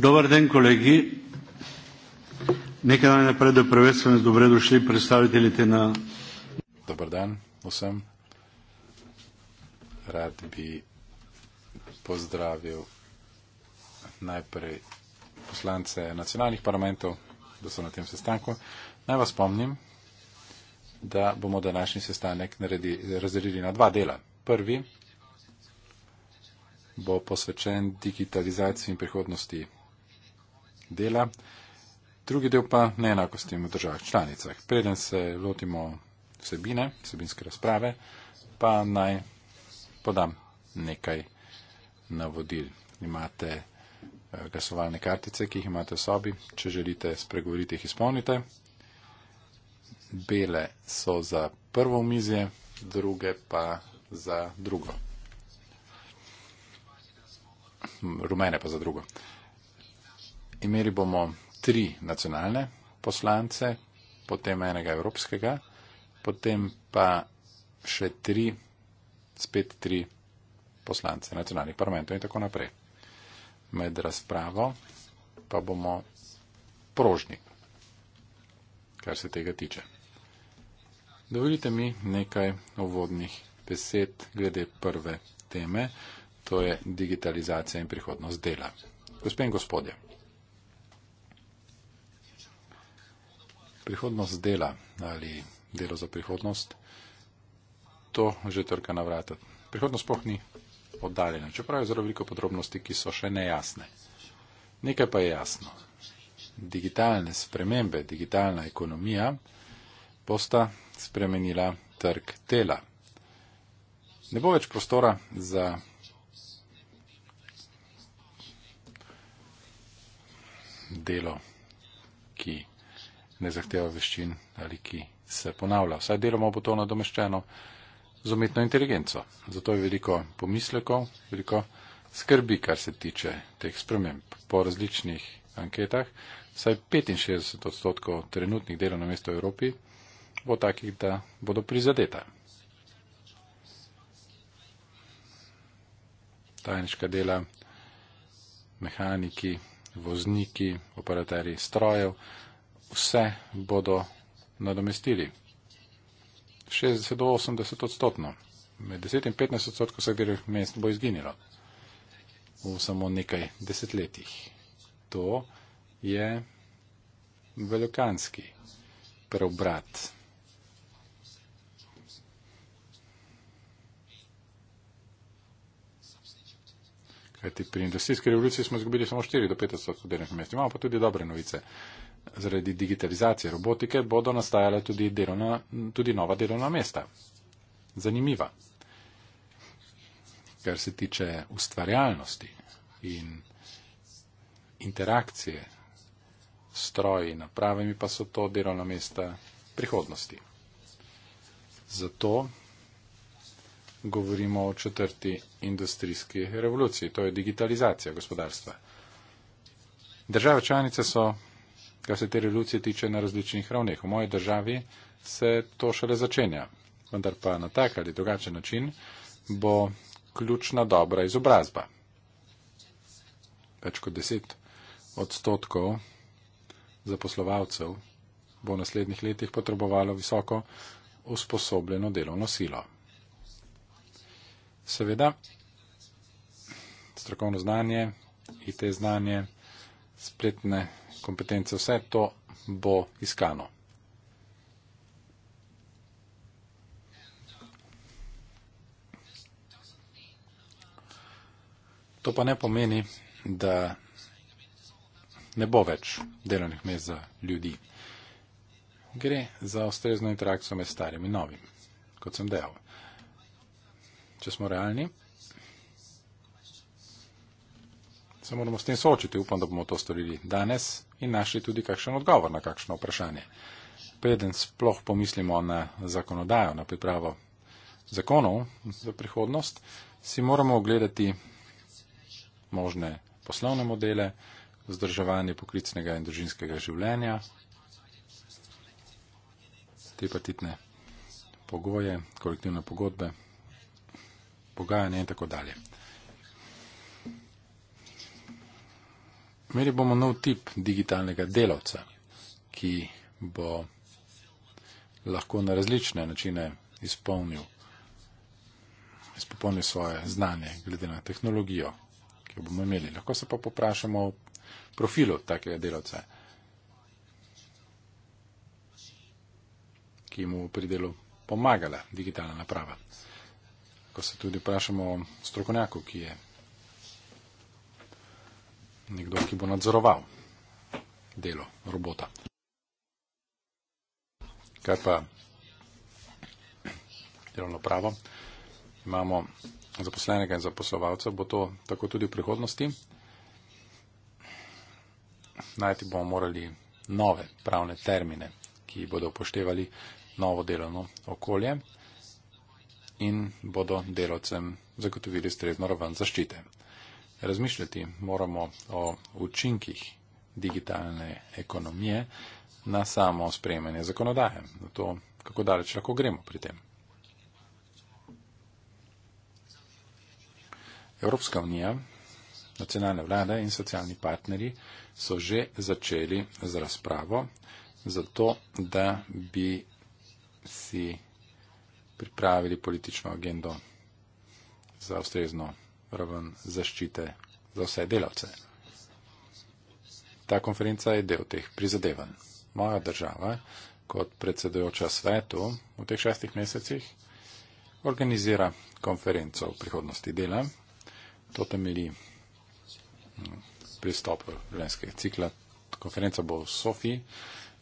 Добър ден, колеги! Нека най-напред да приветстваме с добре дошли представителите на... Добър ден, усъм. Рад би поздравил най-пред посланце националних парламентов да са на тем състанко. Най вас помним да бомо današни състанък разделили на два дела. Първи бо посвечен дигитализацијам приходности dela, drugi del pa neenakosti v državah članicah. Preden se lotimo vsebine, vsebinske razprave, pa naj podam nekaj navodil. Imate eh, glasovalne kartice, ki jih imate v sobi. Če želite spregovoriti, jih izpolnite. Bele so za prvo mizje, druge pa za drugo. Hm, rumene pa za drugo. Uh, imeli bomo tri nacionalne poslance, potem enega evropskega, potem pa še tri, spet tri poslance nacionalnih parlamentov in tako naprej. Med razpravo pa bomo prožni, kar se tega tiče. Dovolite mi nekaj uvodnih besed glede prve teme, to je digitalizacija in prihodnost dela. Gospe in gospodje, prihodnost dela ali delo za prihodnost, to že trka na vrata. Prihodnost sploh ni oddaljena, čeprav je zelo veliko podrobnosti, ki so še nejasne. Nekaj pa je jasno. Digitalne spremembe, digitalna ekonomija bosta spremenila trg dela. Ne bo več prostora za. Delo, ki ne zahteva veščin ali ki se ponavlja. Vsaj deloma bo to nadomeščeno z umetno inteligenco. Zato je veliko pomislekov, veliko skrbi, kar se tiče teh sprememb. Po različnih anketah, vsaj 65 odstotkov trenutnih delovnih mest v Evropi bo takih, da bodo prizadeta. Tajniška dela, mehaniki, vozniki, operateri strojev, vse bodo nadomestili. 60 do 80 odstotno. Med 10 in 15 odstotkov vseh delovnih mest bo izginilo v samo nekaj desetletjih. To je velikanski preobrat. Kajti pri industrijski revoluciji smo izgubili samo 4 do 5 odstotkov delovnih mest. Imamo pa tudi dobre novice zaradi digitalizacije robotike bodo nastajale tudi, delovna, tudi nova delovna mesta. Zanimiva. Kar se tiče ustvarjalnosti in interakcije s stroji in napravami, pa so to delovna mesta prihodnosti. Zato govorimo o četrti industrijski revoluciji, to je digitalizacija gospodarstva. Države članice so kar se te revolucije tiče na različnih ravneh. V moji državi se to šele začenja, vendar pa na tak ali drugačen način bo ključna dobra izobrazba. Več kot deset odstotkov zaposlovalcev bo v naslednjih letih potrebovalo visoko usposobljeno delovno silo. Seveda, strokovno znanje, IT znanje, spletne kompetence, vse to bo iskano. To pa ne pomeni, da ne bo več delovnih mest za ljudi. Gre za ustrezno interakcijo med starim in novim, kot sem dejal. Če smo realni, se moramo s tem soočiti. Upam, da bomo to storili danes in našli tudi kakšen odgovor na kakšno vprašanje. Preden sploh pomislimo na zakonodajo, na pripravo zakonov za prihodnost, si moramo ogledati možne poslovne modele, vzdrževanje poklicnega in družinskega življenja, te patitne pogoje, kolektivne pogodbe, pogajanje in tako dalje. Imeli bomo nov tip digitalnega delavca, ki bo lahko na različne načine izpolnil, izpopolnil svoje znanje glede na tehnologijo, ki jo bomo imeli. Lahko se pa poprašamo o profilu takega delavca, ki mu pri delu pomagala digitalna naprava. Lahko se tudi vprašamo o strokovnjaku, ki je nekdo, ki bo nadzoroval delo robota. Kaj pa delovno pravo? Imamo zaposlenega in zaposlovalca, bo to tako tudi v prihodnosti. Najti bomo morali nove pravne termine, ki bodo upoštevali novo delovno okolje in bodo delovcem zagotovili strezno raven zaščite. Razmišljati moramo o učinkih digitalne ekonomije na samo sprejemanje zakonodaje, na to, kako daleč lahko gremo pri tem. Evropska unija, nacionalne vlade in socialni partneri so že začeli z razpravo za to, da bi si pripravili politično agendo za ustrezno raven zaščite za vse delavce. Ta konferenca je del teh prizadevanj. Moja država, kot predsedujoča svetu v teh šestih mesecih, organizira konferenco o prihodnosti dela. To temelji hm, pristop življenjskega cikla. Konferenca bo v Sofiji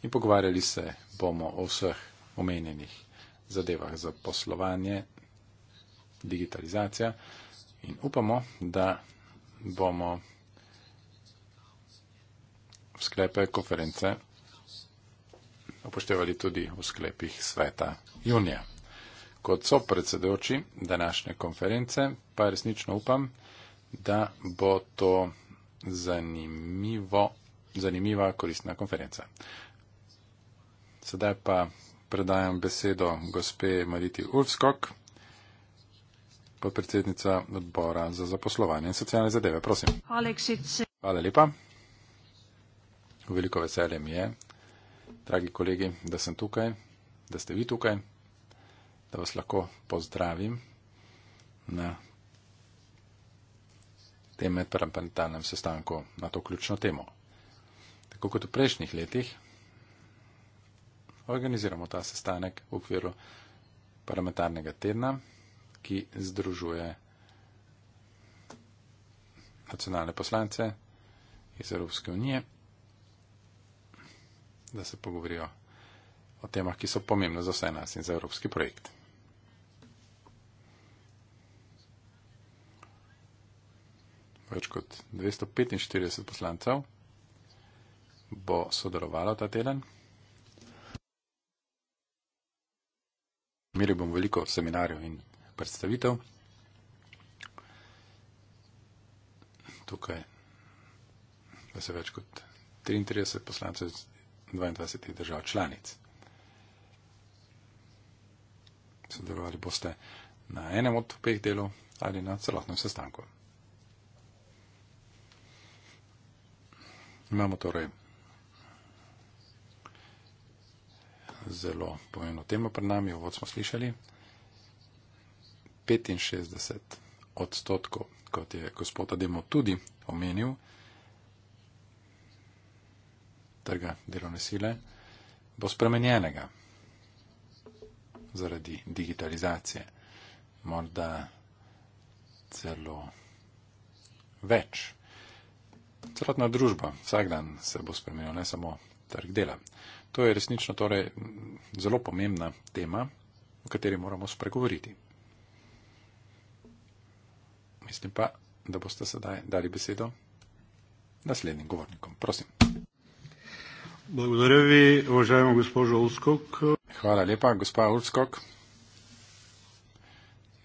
in pogovarjali se bomo o vseh omenjenih zadevah za poslovanje, digitalizacija. In upamo, da bomo v sklepe konference upoštevali tudi v sklepih sveta junija. Kot so predsedoči današnje konference, pa resnično upam, da bo to zanimivo, zanimiva koristna konferenca. Sedaj pa predajam besedo gospe Mariti Ulfskog podpredsednica odbora za zaposlovanje in socialne zadeve. Prosim. Aleksic. Hvala lepa. Veliko veselje mi je, dragi kolegi, da sem tukaj, da ste vi tukaj, da vas lahko pozdravim na tem medparlamentarnem sestanku na to ključno temo. Tako kot v prejšnjih letih, organiziramo ta sestanek v okviru parlamentarnega tedna ki združuje nacionalne poslance iz Evropske unije, da se pogovorijo o temah, ki so pomembne za vse nas in za evropski projekt. Več kot 245 poslancev bo sodelovalo ta teden. Imeli bomo veliko seminarjev in predstavitev. Tukaj pa se več kot 33 poslancev iz 22 držav članic. Sodelovali boste na enem od petih delov ali na celotnem sestanku. Imamo torej zelo pomembno temo pred nami, ovod smo slišali. 65 odstotkov, kot je gospod Ademo tudi omenil, trga delovne sile, bo spremenjenega zaradi digitalizacije. Morda celo več. Celotna družba vsak dan se bo spremenila, ne samo trg dela. To je resnično torej zelo pomembna tema, o kateri moramo spregovoriti. Mislim pa, da boste sedaj dali besedo naslednjim govornikom. Prosim. Blagodarevi, uvažajmo gospožo Ulskog. Hvala lepa, gospa Ulskog.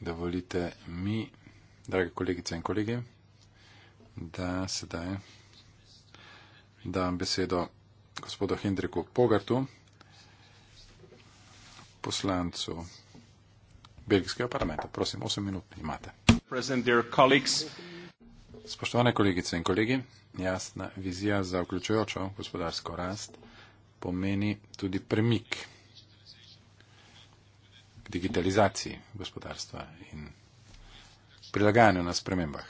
Dovolite mi, drage kolegice in kolege, da sedaj dam besedo gospodu Hendriku Pogartu, poslancu belgijskega parlamenta. Prosim, 8 minut imate. Spoštovane kolegice in kolegi, jasna vizija za vključujočo gospodarsko rast pomeni tudi premik k digitalizaciji gospodarstva in prilagajanju na spremembah.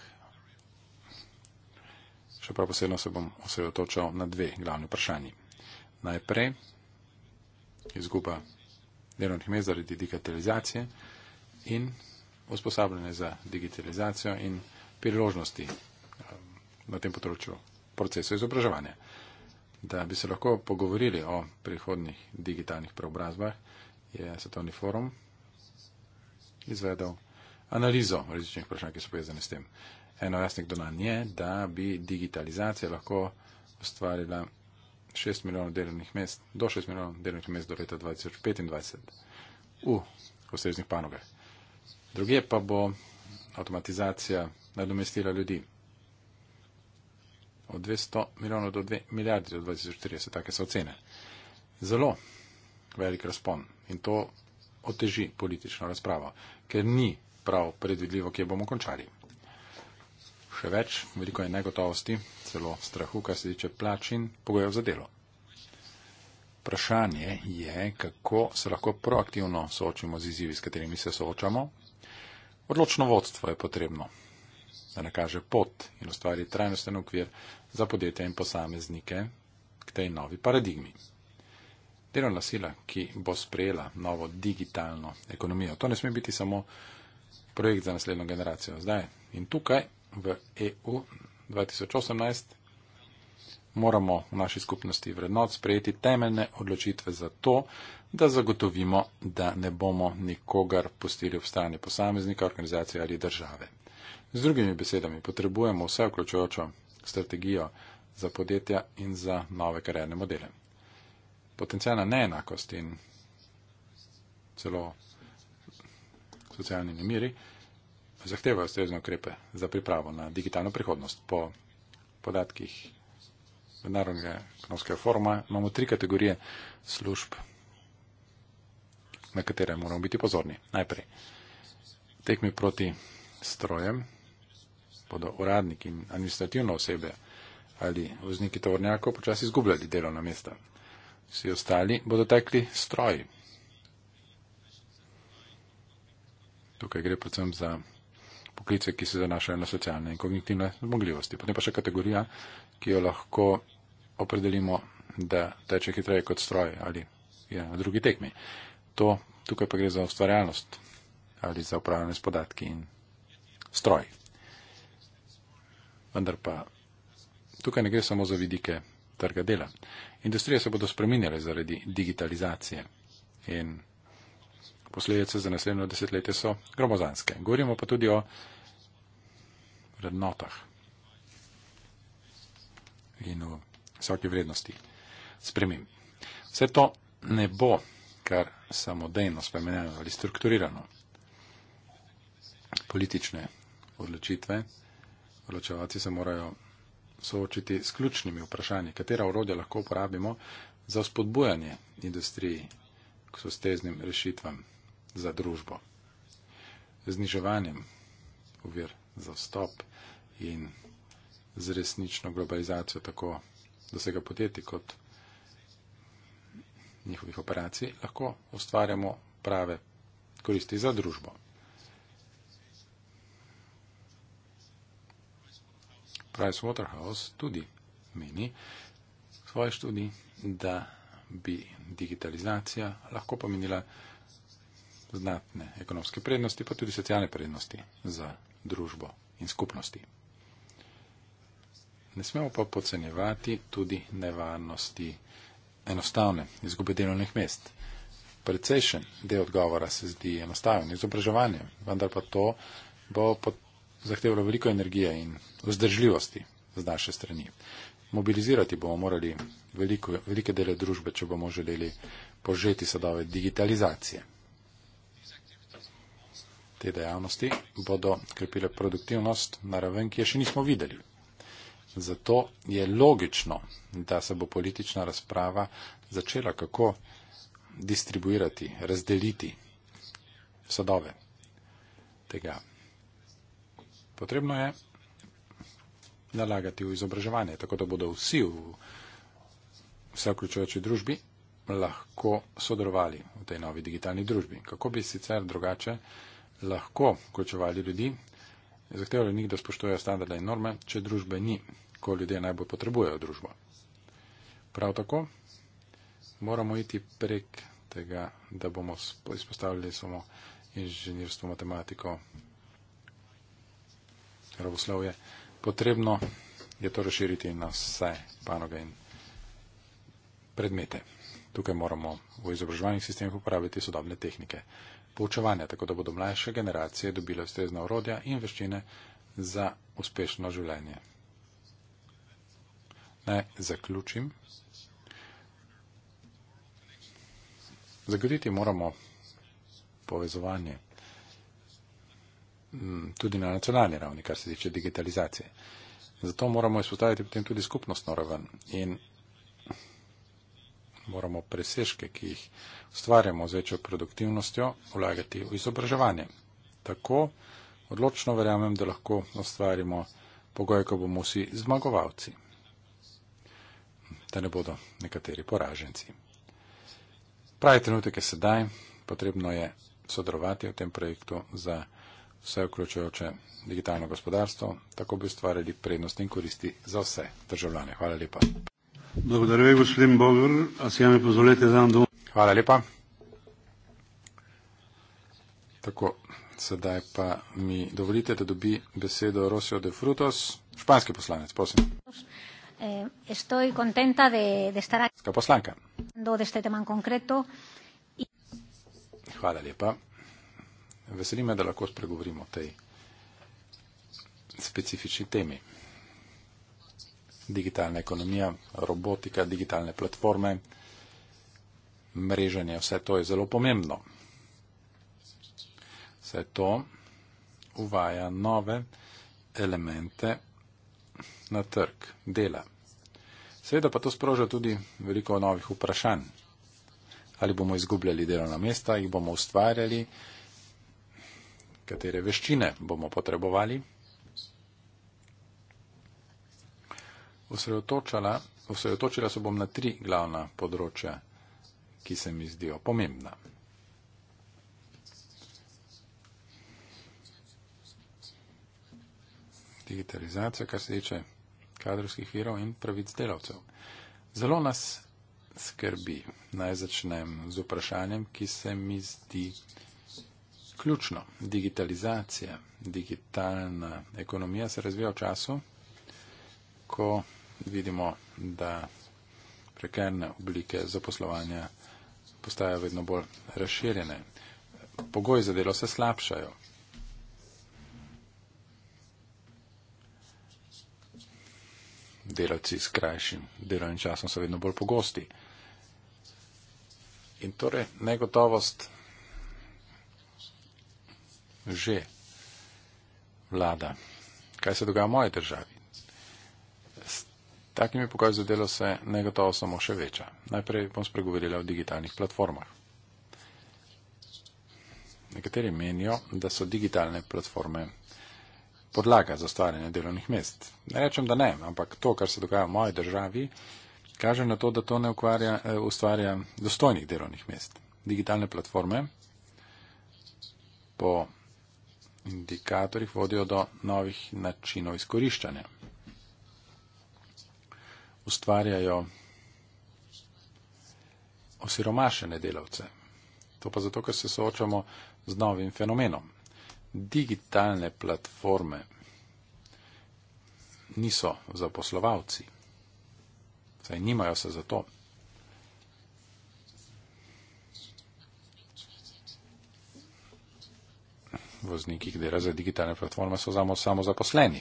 Še prav posebno se bom osredotočal na dve glavni vprašanji. Najprej izguba delovnih mest zaradi digitalizacije in usposabljene za digitalizacijo in priložnosti um, na tem področju procesu izobraževanja. Da bi se lahko pogovorili o prihodnih digitalnih preobrazbah, je Svetovni forum izvedel analizo različnih vprašanj, ki so povezane s tem. Eno jasnih donanj je, da bi digitalizacija lahko ustvarila 6 milijonov delovnih mest, do 6 milijonov delovnih mest do leta 2025 v ustreznih panogah druge pa bo avtomatizacija nadomestila ljudi. Od 200 milijonov do 2 milijardi do 2040, take so ocene. Zelo velik razpon in to oteži politično razpravo, ker ni prav predvidljivo, kje bomo končali. Še več, veliko je negotovosti, celo strahu, kar se tiče plač in pogojev za delo. Vprašanje je, kako se lahko proaktivno soočimo z izzivi, s katerimi se soočamo, Odločno vodstvo je potrebno, da nakaže pot in ustvari trajnosten okvir za podjetja in posameznike k tej novi paradigmi. Delovna sila, ki bo sprejela novo digitalno ekonomijo, to ne sme biti samo projekt za naslednjo generacijo. Zdaj in tukaj v EU 2018 moramo v naši skupnosti vrednot sprejeti temeljne odločitve za to, da zagotovimo, da ne bomo nikogar pustili ob strani posameznika, organizacije ali države. Z drugimi besedami, potrebujemo vse vključujočo strategijo za podjetja in za nove karjerne modele. Potencijalna neenakost in celo socialni nemiri zahtevajo ustrezne ukrepe za pripravo na digitalno prihodnost. Po podatkih mednarodnega ekonomskega foruma, imamo tri kategorije služb, na katere moramo biti pozorni. Najprej, tekmi proti strojem bodo uradnik in administrativno osebe ali vozniki tovornjakov počasi izgubljali delovna mesta. Vsi ostali bodo tekli stroji. Tukaj gre predvsem za poklice, ki se zanašajo na socialne in kognitivne zmogljivosti. Potem pa še kategorija, ki jo lahko opredelimo, da teče hitreje kot stroj ali je na drugi tekmi. To tukaj pa gre za ustvarjalnost ali za upravljanje s podatki in stroj. Vendar pa tukaj ne gre samo za vidike trga dela. Industrije se bodo spreminjale zaradi digitalizacije in posledice za naslednjo desetletje so gromozanske. Govorimo pa tudi o vrednotah in o visoke vrednosti sprememb. Vse to ne bo kar samodejno spremenjeno ali strukturirano. Politične odločitve odločevalci se morajo soočiti s ključnimi vprašanji, katera orodja lahko uporabimo za spodbujanje industriji k sosteznim rešitvam za družbo. Zniževanjem uvir za stop in z resnično globalizacijo tako dosega podjetij kot njihovih operacij, lahko ustvarjamo prave koristi za družbo. Price Waterhouse tudi meni v svoji študiji, da bi digitalizacija lahko pomenila znatne ekonomske prednosti, pa tudi socialne prednosti za družbo in skupnosti. Ne smemo pa podcenjevati tudi nevarnosti enostavne izgube delovnih mest. Precejšen del odgovora se zdi enostaven, izobraževanje, vendar pa to bo zahtevalo veliko energije in vzdržljivosti z naše strani. Mobilizirati bomo morali veliko, velike dele družbe, če bomo želeli požeti sadove digitalizacije. Te dejavnosti bodo krepile produktivnost na raven, ki je še nismo videli. Zato je logično, da se bo politična razprava začela kako distribuirati, razdeliti sadove tega. Potrebno je nalagati v izobraževanje, tako da bodo vsi v vse vključujoči družbi lahko sodelovali v tej novi digitalni družbi. Kako bi sicer drugače lahko vključevali ljudi, zahtevali od njih, da spoštujejo standarde in norme, če družbe ni, ko ljudje najbolj potrebujejo družbo. Prav tako moramo iti prek tega, da bomo izpostavili samo inženirstvo, matematiko, ravoslovje. Potrebno je to razširiti na vse panoge in predmete. Tukaj moramo v izobraževalnih sistemih uporabiti sodobne tehnike poučevanja, tako da bodo mlajše generacije dobile ustrezna orodja in veščine za uspešno življenje. Naj zaključim. Zagoditi moramo povezovanje mm, tudi na nacionalni ravni, kar se tiče digitalizacije. Zato moramo izpostaviti potem tudi skupnostno raven in moramo presežke, ki jih ustvarjamo z večjo produktivnostjo, vlagati v izobraževanje. Tako odločno verjamem, da lahko ustvarimo pogoj, ko bomo vsi zmagovalci, da ne bodo nekateri poraženci. Pravi trenutek je sedaj, potrebno je sodelovati v tem projektu za vse vključujoče digitalno gospodarstvo, tako bi ustvarjali prednosti in koristi za vse državljane. Hvala lepa. Благодаря ви, господин Богър. А сега ми позволете да дам дума. Hvala lepa. Tako, sedaj pa mi dovolite, da dobi besedo Rosio de Frutos, španski poslanec, prosim. Eh, estoy contenta de, de estar aquí. Ska poslanka. De este tema konkreto. Hvala lepa. Veseli me, da lahko spregovorimo o tej specifični temi digitalna ekonomija, robotika, digitalne platforme, mreženje, vse to je zelo pomembno. Vse to uvaja nove elemente na trg dela. Seveda pa to sproža tudi veliko novih vprašanj. Ali bomo izgubljali delovna mesta, jih bomo ustvarjali, katere veščine bomo potrebovali. osredotočala, osredotočila se bom na tri glavna področja, ki se mi zdijo pomembna. Digitalizacija, kar se tiče kadrovskih virov in pravic delavcev. Zelo nas skrbi, naj začnem z vprašanjem, ki se mi zdi ključno. Digitalizacija, digitalna ekonomija se razvija v času, ko vidimo, da prekerne oblike zaposlovanja postajajo vedno bolj razširjene. Pogoji za delo se slabšajo. Delavci s krajšim delovnim časom so vedno bolj pogosti. In torej negotovost že vlada. Kaj se dogaja v moji državi? Takim je pokaz za delo se negotovo samo še veča. Najprej bom spregovorila o digitalnih platformah. Nekateri menijo, da so digitalne platforme podlaga za stvarjanje delovnih mest. Ne rečem, da ne, ampak to, kar se dogaja v moji državi, kaže na to, da to ne ukvarja, eh, ustvarja dostojnih delovnih mest. Digitalne platforme po indikatorjih vodijo do novih načinov izkoriščanja ustvarjajo osiromašene delavce. To pa zato, ker se soočamo z novim fenomenom. Digitalne platforme niso zaposlovalci, saj nimajo se za to. Vozniki, ki delajo za digitalne platforme, so samo zaposleni.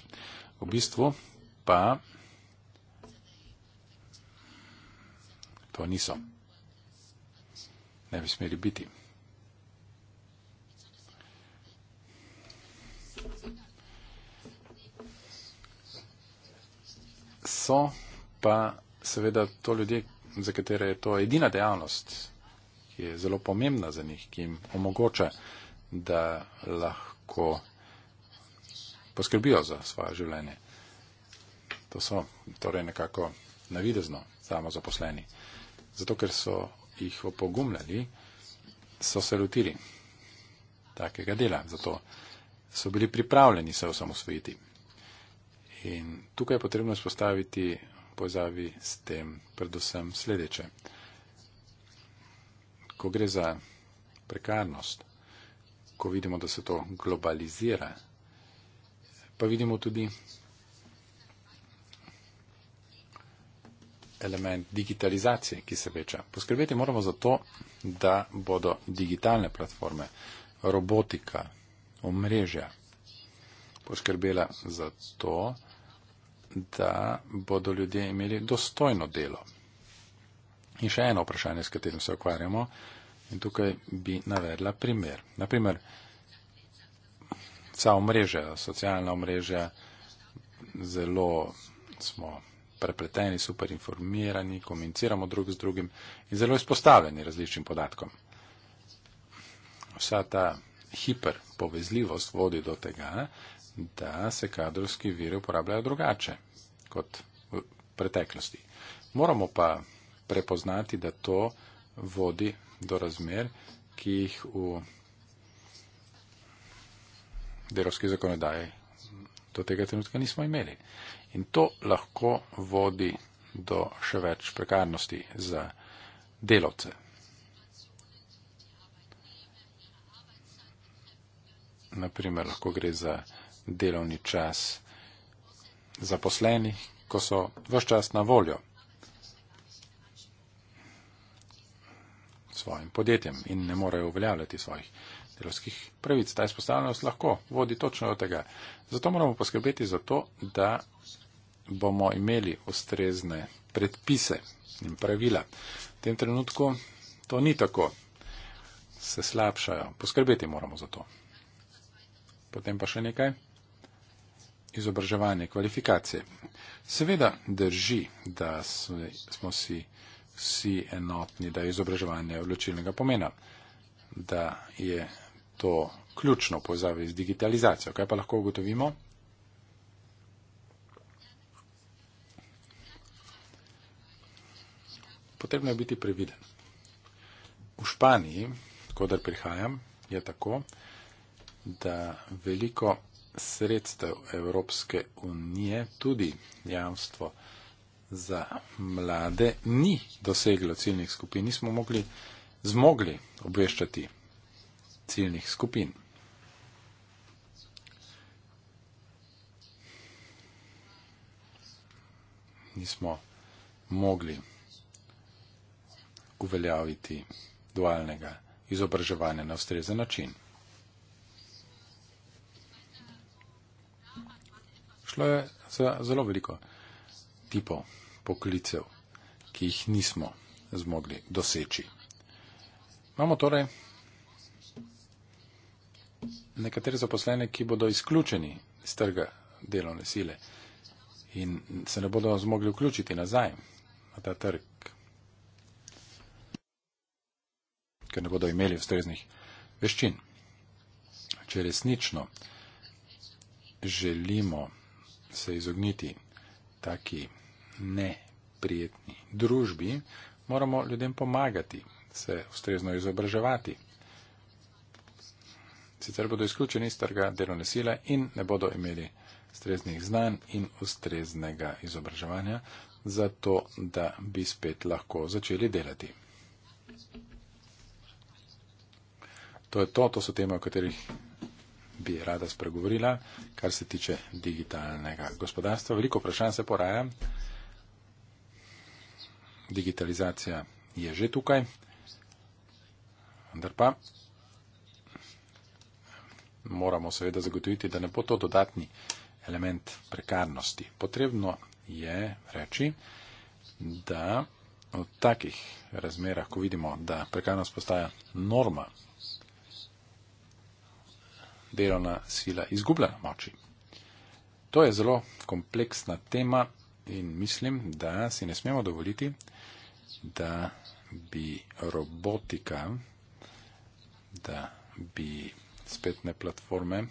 V bistvu pa To niso. Ne bi smeli biti. So pa seveda to ljudje, za katere je to edina dejavnost, ki je zelo pomembna za njih, ki jim omogoča, da lahko poskrbijo za svoje življenje. To so torej nekako navidezno samo zaposleni zato ker so jih opogumljali, so se lotili takega dela, zato so bili pripravljeni se osamosvojiti. In tukaj je potrebno spostaviti povezavi s tem predvsem sledeče. Ko gre za prekarnost, ko vidimo, da se to globalizira, pa vidimo tudi element digitalizacije, ki se veča. Poskrbeti moramo za to, da bodo digitalne platforme, robotika, omrežja poskrbela za to, da bodo ljudje imeli dostojno delo. In še eno vprašanje, s katerim se ukvarjamo, in tukaj bi navedla primer. Naprimer, vsa omrežja, socialna omrežja, zelo smo prepleteni, super informirani, komuniciramo drug z drugim in zelo izpostavljeni različnim podatkom. Vsa ta hiperpovezljivost vodi do tega, da se kadrovski viri uporabljajo drugače kot v preteklosti. Moramo pa prepoznati, da to vodi do razmer, ki jih v delovski zakonodaji do tega trenutka nismo imeli. In to lahko vodi do še več prekarnosti za delovce. Naprimer, lahko gre za delovni čas zaposlenih, ko so vse čas na voljo svojim podjetjem in ne morejo uveljavljati svojih delovskih pravic. Ta izpostavljenost lahko vodi točno do tega. Zato moramo poskrbeti za to, da bomo imeli ustrezne predpise in pravila. V tem trenutku to ni tako. Se slabšajo. Poskrbeti moramo za to. Potem pa še nekaj. Izobraževanje, kvalifikacije. Seveda drži, da smo si vsi enotni, da je izobraževanje odločilnega pomena, da je to ključno v povezavi z digitalizacijo. Kaj pa lahko ugotovimo potrebno je biti previden. V Španiji, kodar prihajam, je tako, da veliko sredstev Evropske unije, tudi jamstvo za mlade, ni doseglo ciljnih skupin. Nismo mogli zmogli obveščati ciljnih skupin. Nismo mogli uveljaviti dualnega izobraževanja na ustrezen način. Šlo je za zelo veliko tipov poklicev, ki jih nismo zmogli doseči. Imamo torej nekatere zaposlene, ki bodo izključeni iz trga delovne sile in se ne bodo zmogli vključiti nazaj na ta trg ker ne bodo imeli ustreznih veščin. Če resnično želimo se izogniti taki neprijetni družbi, moramo ljudem pomagati, se ustrezno izobraževati. Sicer bodo izključeni iz trga delovne sile in ne bodo imeli ustreznih znanj in ustreznega izobraževanja, zato da bi spet lahko začeli delati. To je to, to so teme, o katerih bi rada spregovorila, kar se tiče digitalnega gospodarstva. Veliko vprašanj se poraja. Digitalizacija je že tukaj, vendar pa moramo seveda zagotoviti, da ne bo to dodatni element prekarnosti. Potrebno je reči, da v takih razmerah, ko vidimo, da prekarnost postaja norma delovna sila izgublja na moči. To je zelo kompleksna tema in mislim, da si ne smemo dovoliti, da bi robotika, da bi spetne platforme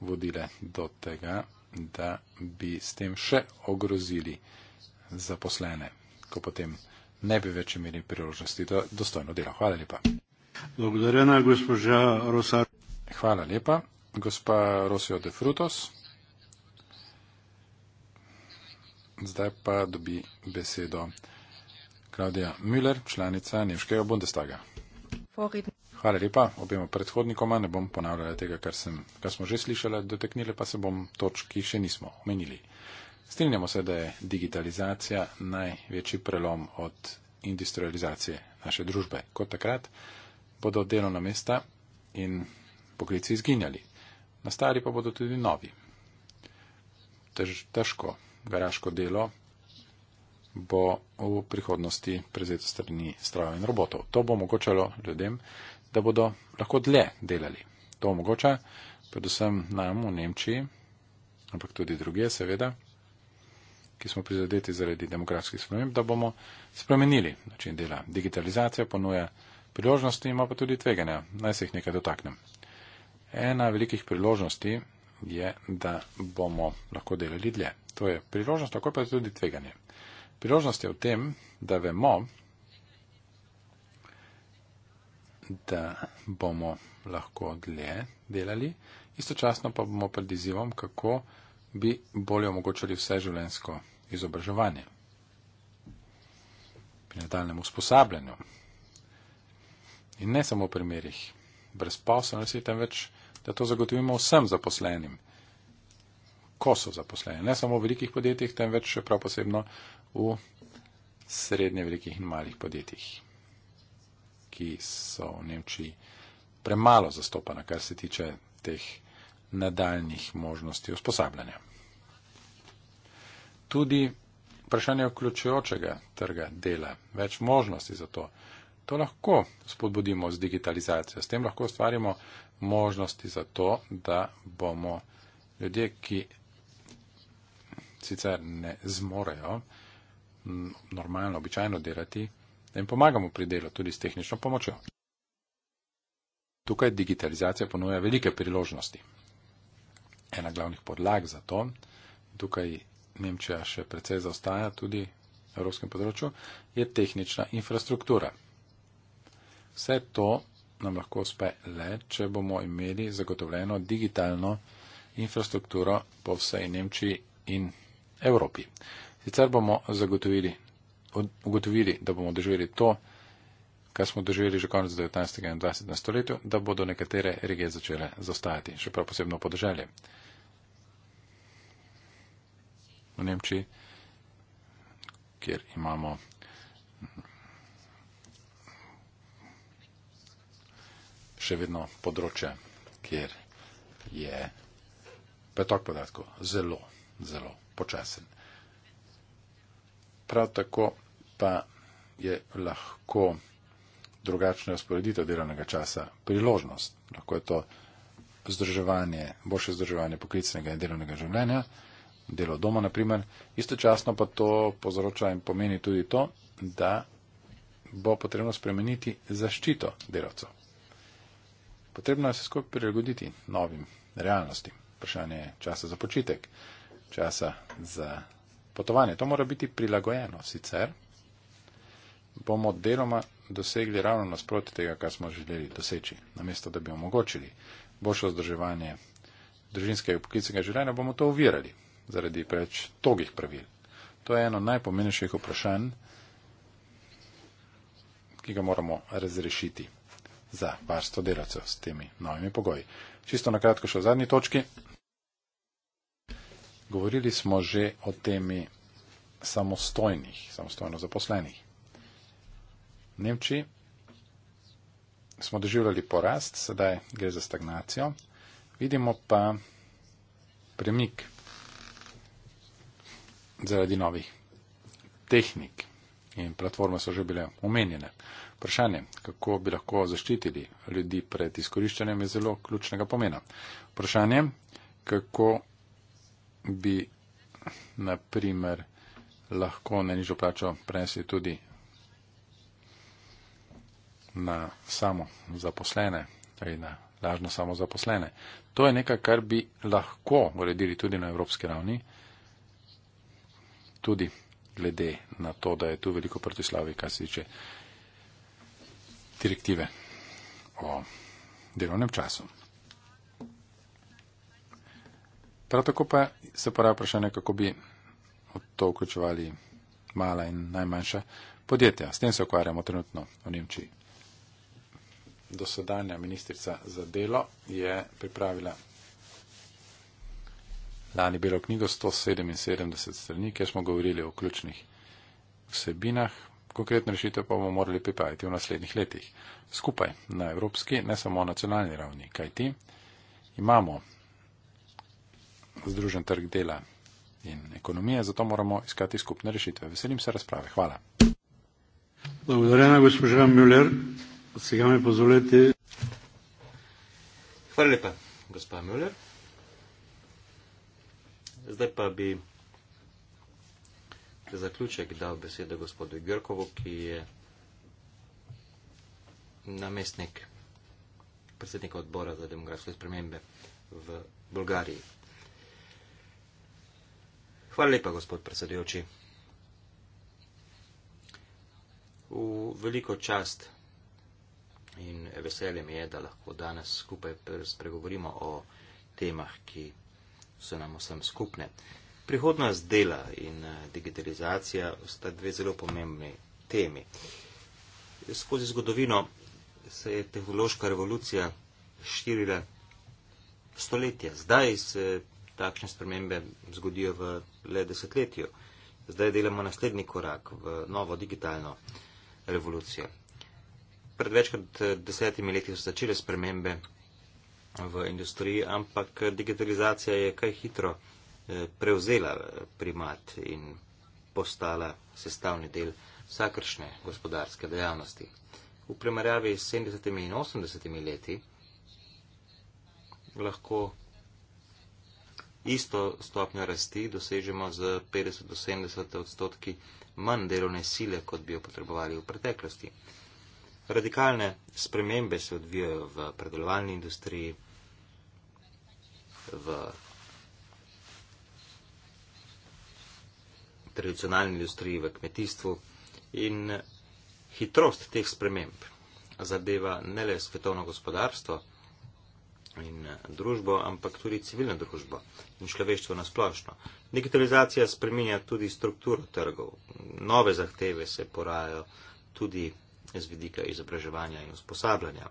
vodile do tega, da bi s tem še ogrozili zaposlene, ko potem ne bi več imeli priložnosti, da dostojno delo. Hvala lepa. Благодаря на госпожа Росар. Hvala lepa. Gospa Rosijo de Frutos. Zdaj pa dobi besedo Klaudija Müller, članica Nemškega Bundestaga. Hvala lepa obema predhodnikoma. Ne bom ponavljala tega, kar, sem, kar smo že slišali, doteknile pa se bom točki, ki še nismo omenili. Strinjamo se, da je digitalizacija največji prelom od industrializacije naše družbe. Kot takrat bodo delovna mesta in poklici izginjali, na stari pa bodo tudi novi. Tež, težko garaško delo bo v prihodnosti prezeto strani strojev in robotov. To bo omogočalo ljudem, da bodo lahko dlje delali. To omogoča predvsem nam v Nemčiji, ampak tudi druge, seveda, ki smo prizadeti zaradi demografskih sprememb, da bomo spremenili način dela. Digitalizacija ponuja priložnosti, ima pa tudi tveganja. Naj se jih nekaj dotaknem. Ena velikih priložnosti je, da bomo lahko delali dlje. To je priložnost, tako pa je tudi tveganje. Priložnost je v tem, da vemo, da bomo lahko dlje delali, istočasno pa bomo pred izzivom, kako bi bolje omogočili vse življensko izobraževanje pri nadaljnem usposabljanju. In ne samo v primerih brezposobnosti, temveč da to zagotovimo vsem zaposlenim, ko so zaposleni, ne samo v velikih podjetjih, temveč še prav posebno v srednje velikih in malih podjetjih, ki so v Nemčiji premalo zastopana, kar se tiče teh nadaljnih možnosti usposabljanja. Tudi vprašanje vključujočega trga dela, več možnosti za to. To lahko spodbudimo z digitalizacijo, s tem lahko ustvarimo možnosti za to, da bomo ljudje, ki sicer ne zmorejo normalno, običajno delati, da jim pomagamo pri delu tudi s tehnično pomočjo. Tukaj digitalizacija ponuja velike priložnosti. Ena glavnih podlag za to, tukaj Nemčija še precej zaostaja tudi na evropskem področju, je tehnična infrastruktura. Vse to nam lahko uspe le, če bomo imeli zagotovljeno digitalno infrastrukturo po vsej Nemčiji in Evropi. Sicer bomo zagotovili, ugotovili, da bomo doživeli to, kar smo doživeli že konec 19. in 20. stoletja, da bodo nekatere regije začele zastajati, še prav posebno podeželje. V Nemčiji, kjer imamo še vedno področje, kjer je pretok podatkov zelo, zelo počasen. Prav tako pa je lahko drugačna razporeditev delovnega časa priložnost. Lahko je to zdrževanje, boljše zdrževanje poklicnega in delovnega življenja, delo doma naprimer. Istočasno pa to povzroča in pomeni tudi to, da bo potrebno spremeniti zaščito delavcev. Potrebno je se skupaj prilagoditi novim realnostim. Vprašanje je časa za počitek, časa za potovanje. To mora biti prilagojeno, sicer bomo deloma dosegli ravno nasproti tega, kar smo želeli doseči. Namesto, da bi omogočili boljše vzdrževanje družinskega in poklicnega življenja, bomo to uvirali zaradi preveč togih pravil. To je eno najpomenejših vprašanj, ki ga moramo razrešiti za varstvo delavcev s temi novimi pogoji. Čisto na kratko še v zadnji točki. Govorili smo že o temi samostojnih, samostojno zaposlenih. V Nemčiji smo doživljali porast, sedaj gre za stagnacijo, vidimo pa premik zaradi novih tehnik in platforme so že bile omenjene. Vprašanje, kako bi lahko zaščitili ljudi pred izkoriščanjem, je zelo ključnega pomena. Vprašanje, kako bi naprimer lahko na nižjo plačo prenesli tudi na samo zaposlene ali na lažno samo zaposlene. To je nekaj, kar bi lahko uredili tudi na evropski ravni, tudi glede na to, da je tu veliko protislavi, kar se tiče direktive o delovnem času. Prav tako pa se pora vprašanje, kako bi od to vključevali mala in najmanjša podjetja. S tem se ukvarjamo trenutno v Nemčiji. Dosedanja ministrica za delo je pripravila lani belo knjigo 177 strani, kjer smo govorili o ključnih vsebinah konkretno rešitev pa bomo morali pripraviti v naslednjih letih. Skupaj na evropski, ne samo nacionalni ravni, kajti imamo združen trg dela in ekonomije, zato moramo iskati skupne rešitve. Veselim se razprave. Hvala. Hvala lepa, gospa Müller. Zdaj pa bi zaključek dal besedo gospodu Grkovu, ki je namestnik predsednika odbora za demografske spremembe v Bolgariji. Hvala lepa, gospod predsedujoči. V veliko čast in veselje mi je, da lahko danes skupaj spregovorimo o temah, ki so nam vsem skupne. Uh, Prihodnost dela in eh, digitalizacija sta dve zelo pomembni temi. Skozi zgodovino se je tehnološka revolucija širila stoletja. Zdaj se takšne spremembe zgodijo v le desetletju. Zdaj delamo naslednji korak v novo digitalno revolucijo. Pred več kot eh, desetimi leti so začele spremembe v industriji, ampak digitalizacija je kaj hitro prevzela primat in postala sestavni del vsakršne gospodarske dejavnosti. V primerjavi s 70. in 80. leti lahko isto stopnjo rasti dosežemo z 50 do 70 odstotki manj delovne sile, kot bi jo potrebovali v preteklosti. Radikalne spremembe se odvijajo v predelovalni industriji, v tradicionalni industriji, v kmetijstvu in hitrost teh sprememb zadeva ne le svetovno gospodarstvo in eh, družbo, ampak tudi civilno družbo in človeštvo nasplošno. Digitalizacija spreminja tudi strukturo trgov. Nove zahteve se porajajo tudi z vidika izobraževanja in usposabljanja.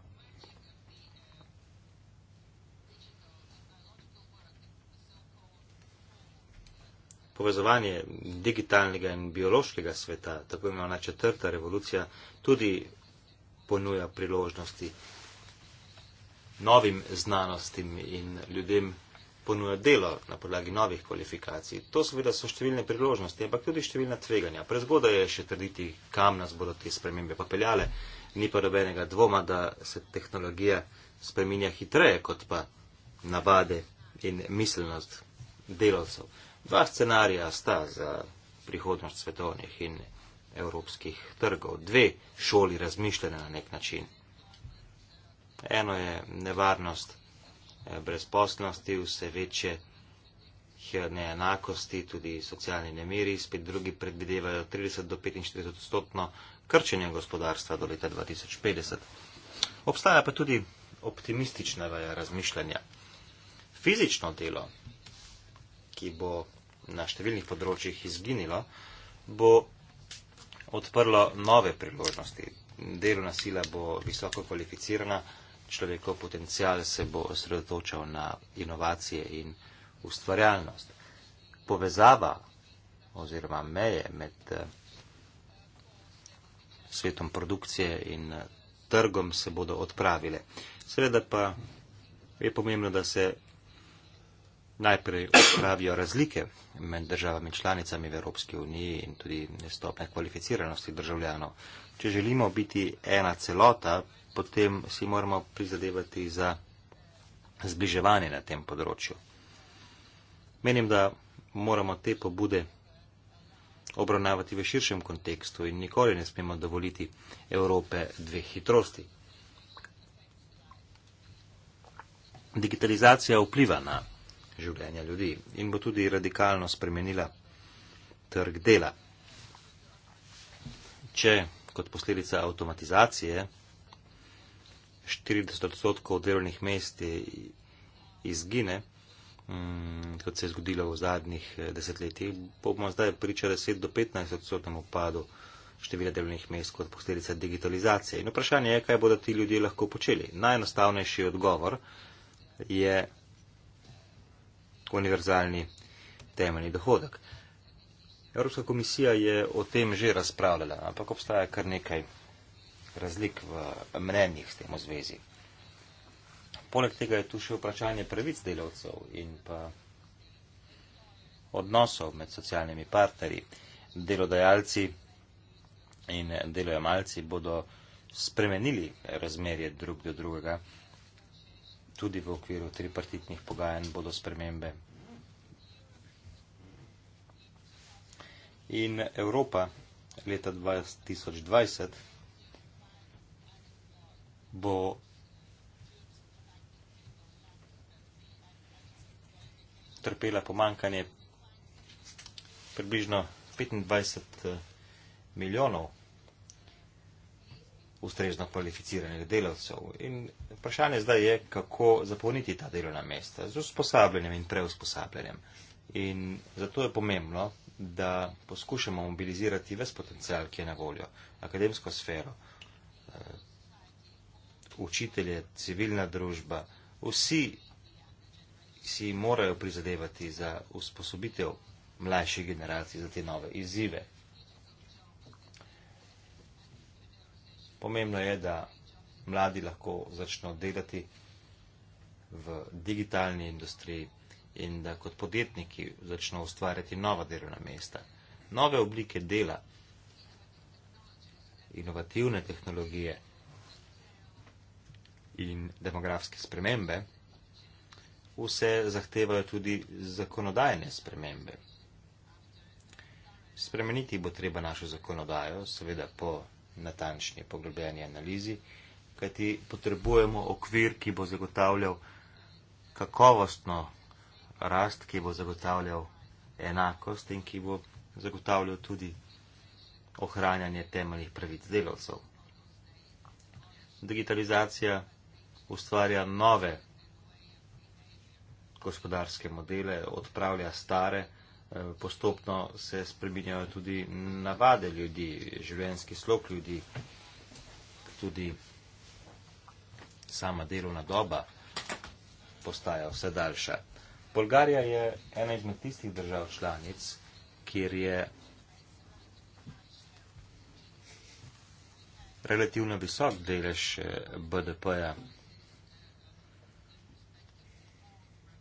povezovanje digitalnega in biološkega sveta, tako imenovana četrta revolucija, tudi ponuja priložnosti novim znanostim in ljudem ponuja delo na podlagi novih kvalifikacij. To seveda so številne priložnosti, ampak tudi številna tveganja. Prezgodaj je še trditi, kam nas bodo te spremembe popeljale. Ni pa dobenega dvoma, da se tehnologija spreminja hitreje kot pa navade in miselnost delovcev. Dva scenarija sta za prihodnost svetovnih in evropskih trgov. Dve šoli razmišljene na nek način. Eno je nevarnost eh, brezposnosti, vse večje neenakosti, tudi socialni nemiri, spet drugi predvidevajo 30 do 45 odstotno krčenje gospodarstva do leta 2050. Obstaja pa tudi optimistična razmišljanja. Fizično delo, ki bo na številnih področjih izginilo, bo odprlo nove priložnosti. Delovna sila bo visoko kvalificirana, človekov potencial se bo osredotočal na inovacije in ustvarjalnost. Povezava oziroma meje med eh, svetom produkcije in eh, trgom se bodo odpravile. Seveda pa je pomembno, da se najprej odpravijo razlike med državami članicami v Evropski uniji in tudi stopne kvalificiranosti državljanov. Če želimo biti ena celota, potem si moramo prizadevati za zbliževanje na tem področju. Menim, da moramo te pobude obravnavati v širšem kontekstu in nikoli ne smemo dovoliti Evrope dveh hitrosti. Digitalizacija vpliva na življenja ljudi in bo tudi radikalno spremenila trg dela. Če kot posledica avtomatizacije 40 odstotkov delovnih mest izgine, mm, kot se je zgodilo v zadnjih eh, desetletjih, bomo zdaj priča 10 do 15 odstotnemu upadu števila delovnih mest kot posledica digitalizacije. In vprašanje je, kaj bodo ti ljudje lahko počeli. Najenostavnejši odgovor je univerzalni temeljni dohodek. Evropska komisija je o tem že razpravljala, ampak obstaja kar nekaj razlik v mnenjih s tem v zvezi. Poleg tega je tu še vprašanje pravic delavcev in pa odnosov med socialnimi partnerji. Delodajalci in delojemalci bodo spremenili razmerje drug do drugega tudi v okviru tripartitnih pogajanj bodo spremembe. In Evropa leta 2020 bo trpela pomankanje približno 25 eh, milijonov ustrezno kvalificiranih delavcev. In vprašanje zdaj je, kako zapolniti ta delovna mesta z usposabljanjem in preusposabljanjem. In zato je pomembno, da poskušamo mobilizirati ves potencial, ki je na voljo, akademsko sfero, eh, učitelje, civilna družba, vsi si morajo prizadevati za usposobitev mlajših generacij za te nove izzive, Pomembno je, da mladi lahko začnejo delati v digitalni industriji in da kot podjetniki začnejo ustvarjati nova delovna mesta, nove oblike dela, inovativne tehnologije in demografske spremembe. Vse zahtevajo tudi zakonodajne spremembe. Spremeniti bo treba našo zakonodajo, seveda po natančni, poglobljeni analizi, kajti potrebujemo okvir, ki bo zagotavljal kakovostno rast, ki bo zagotavljal enakost in ki bo zagotavljal tudi ohranjanje temeljnih pravic delavcev. Digitalizacija ustvarja nove gospodarske modele, odpravlja stare, Eh, postopno se spreminjajo tudi navade ljudi, življenjski slog ljudi, tudi sama delovna doba postaja vse daljša. Bolgarija je ena izmed tistih držav članic, kjer je relativno visok delež eh, BDP-ja,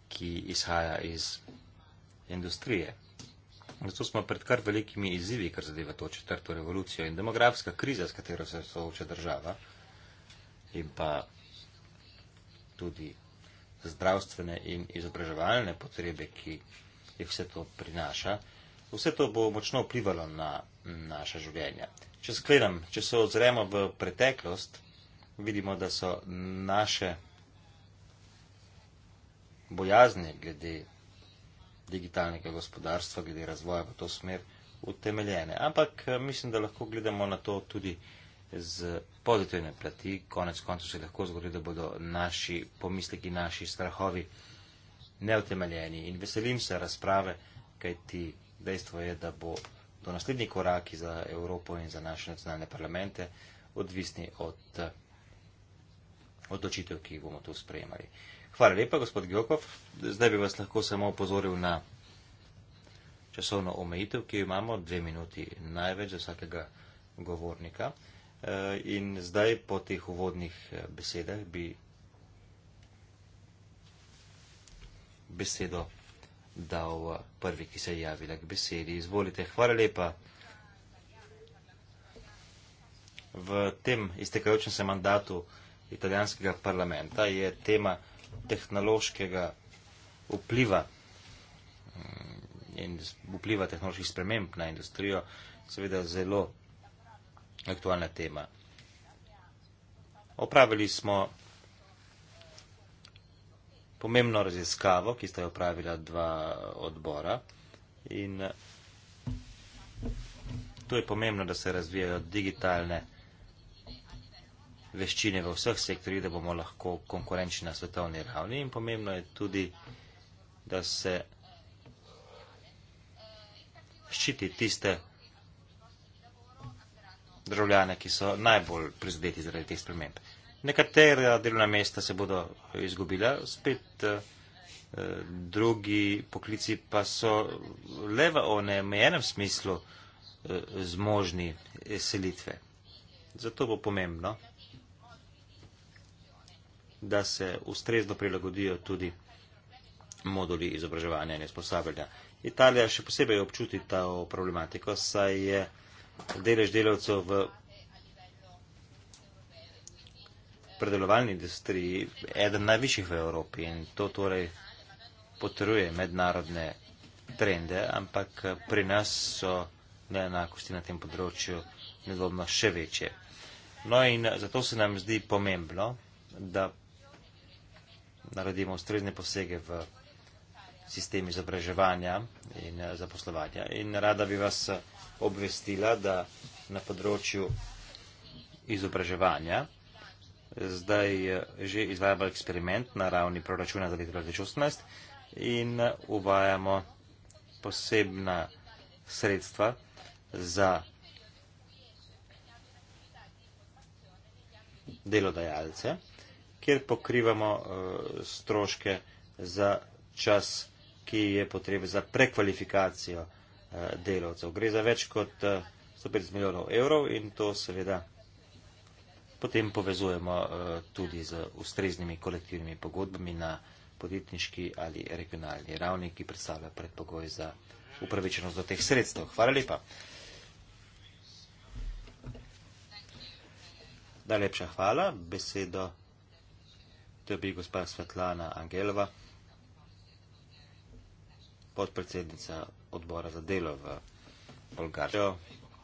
ki izhaja iz industrije. Zato smo pred kar velikimi izzivi, kar zadeva to četrto revolucijo in demografska kriza, s katero se sooča država in pa tudi zdravstvene in izobraževalne potrebe, ki jih vse to prinaša. Vse to bo močno vplivalo na naša življenja. Če sklenem, če se ozremo v preteklost, vidimo, da so naše bojazne glede digitalnega gospodarstva, glede razvoja v to smer utemeljene. Ampak eh, mislim, da lahko gledamo na to tudi z pozitivne plati. Konec koncev se lahko zgodi, da bodo naši pomisleki, naši strahovi neutemeljeni. In veselim se razprave, kajti dejstvo je, da bo do naslednji koraki za Evropo in za naše nacionalne parlamente odvisni od eh, odločitev, ki jih bomo tu sprejemali. Hvala lepa, gospod Gjokov. Zdaj bi vas lahko samo opozoril na časovno omejitev, ki jo imamo, dve minuti največ za vsakega govornika. E, in zdaj po teh uvodnih e, besedah bi besedo dal e, prvi, ki se je javila k besedi. Izvolite, hvala lepa. V tem iztekajočem se mandatu italijanskega parlamenta je tema tehnološkega vpliva mm, in vpliva tehnoloških sprememb na industrijo, seveda zelo aktualna tema. Opravili smo pomembno raziskavo, ki sta jo opravila dva odbora in to je pomembno, da se razvijajo digitalne tehnologije veščine v vseh sektorjih, da bomo lahko konkurenčni na svetovni ravni in pomembno je tudi, da se ščiti tiste državljane, ki so najbolj prizadeti zaradi teh sprememb. Nekatera delovna mesta se bodo izgubila, spet eh, drugi poklici pa so le v onemejenem smislu eh, zmožni selitve. Zato bo pomembno da se ustrezno prilagodijo tudi moduli izobraževanja in usposabljanja. Italija še posebej občuti ta problematiko, saj je delež delavcev v predelovalni industriji eden najvišjih v Evropi in to torej potrjuje mednarodne trende, ampak pri nas so neenakosti na tem področju nedvomno še večje. No in zato se nam zdi pomembno, da naredimo ustrezne posege v sistem izobraževanja in eh, zaposlovanja. In rada bi vas eh, obvestila, da na področju izobraževanja eh, zdaj že izvajamo eksperiment na ravni proračuna za leto 2018 in uvajamo posebna sredstva za delodajalce kjer pokrivamo uh, stroške za čas, ki je potreben za prekvalifikacijo uh, eh, delovcev. Gre za več kot uh, eh, 150 milijonov evrov in to seveda potem povezujemo uh, tudi z ustreznimi kolektivnimi pogodbami na podjetniški ali regionalni ravni, ki predstavlja predpogoj za upravičenost do teh sredstev. Hvala lepa. Najlepša hvala. Besedo. To bi gospa Svetlana Angelova, podpredsednica odbora za delo v Bolgariji.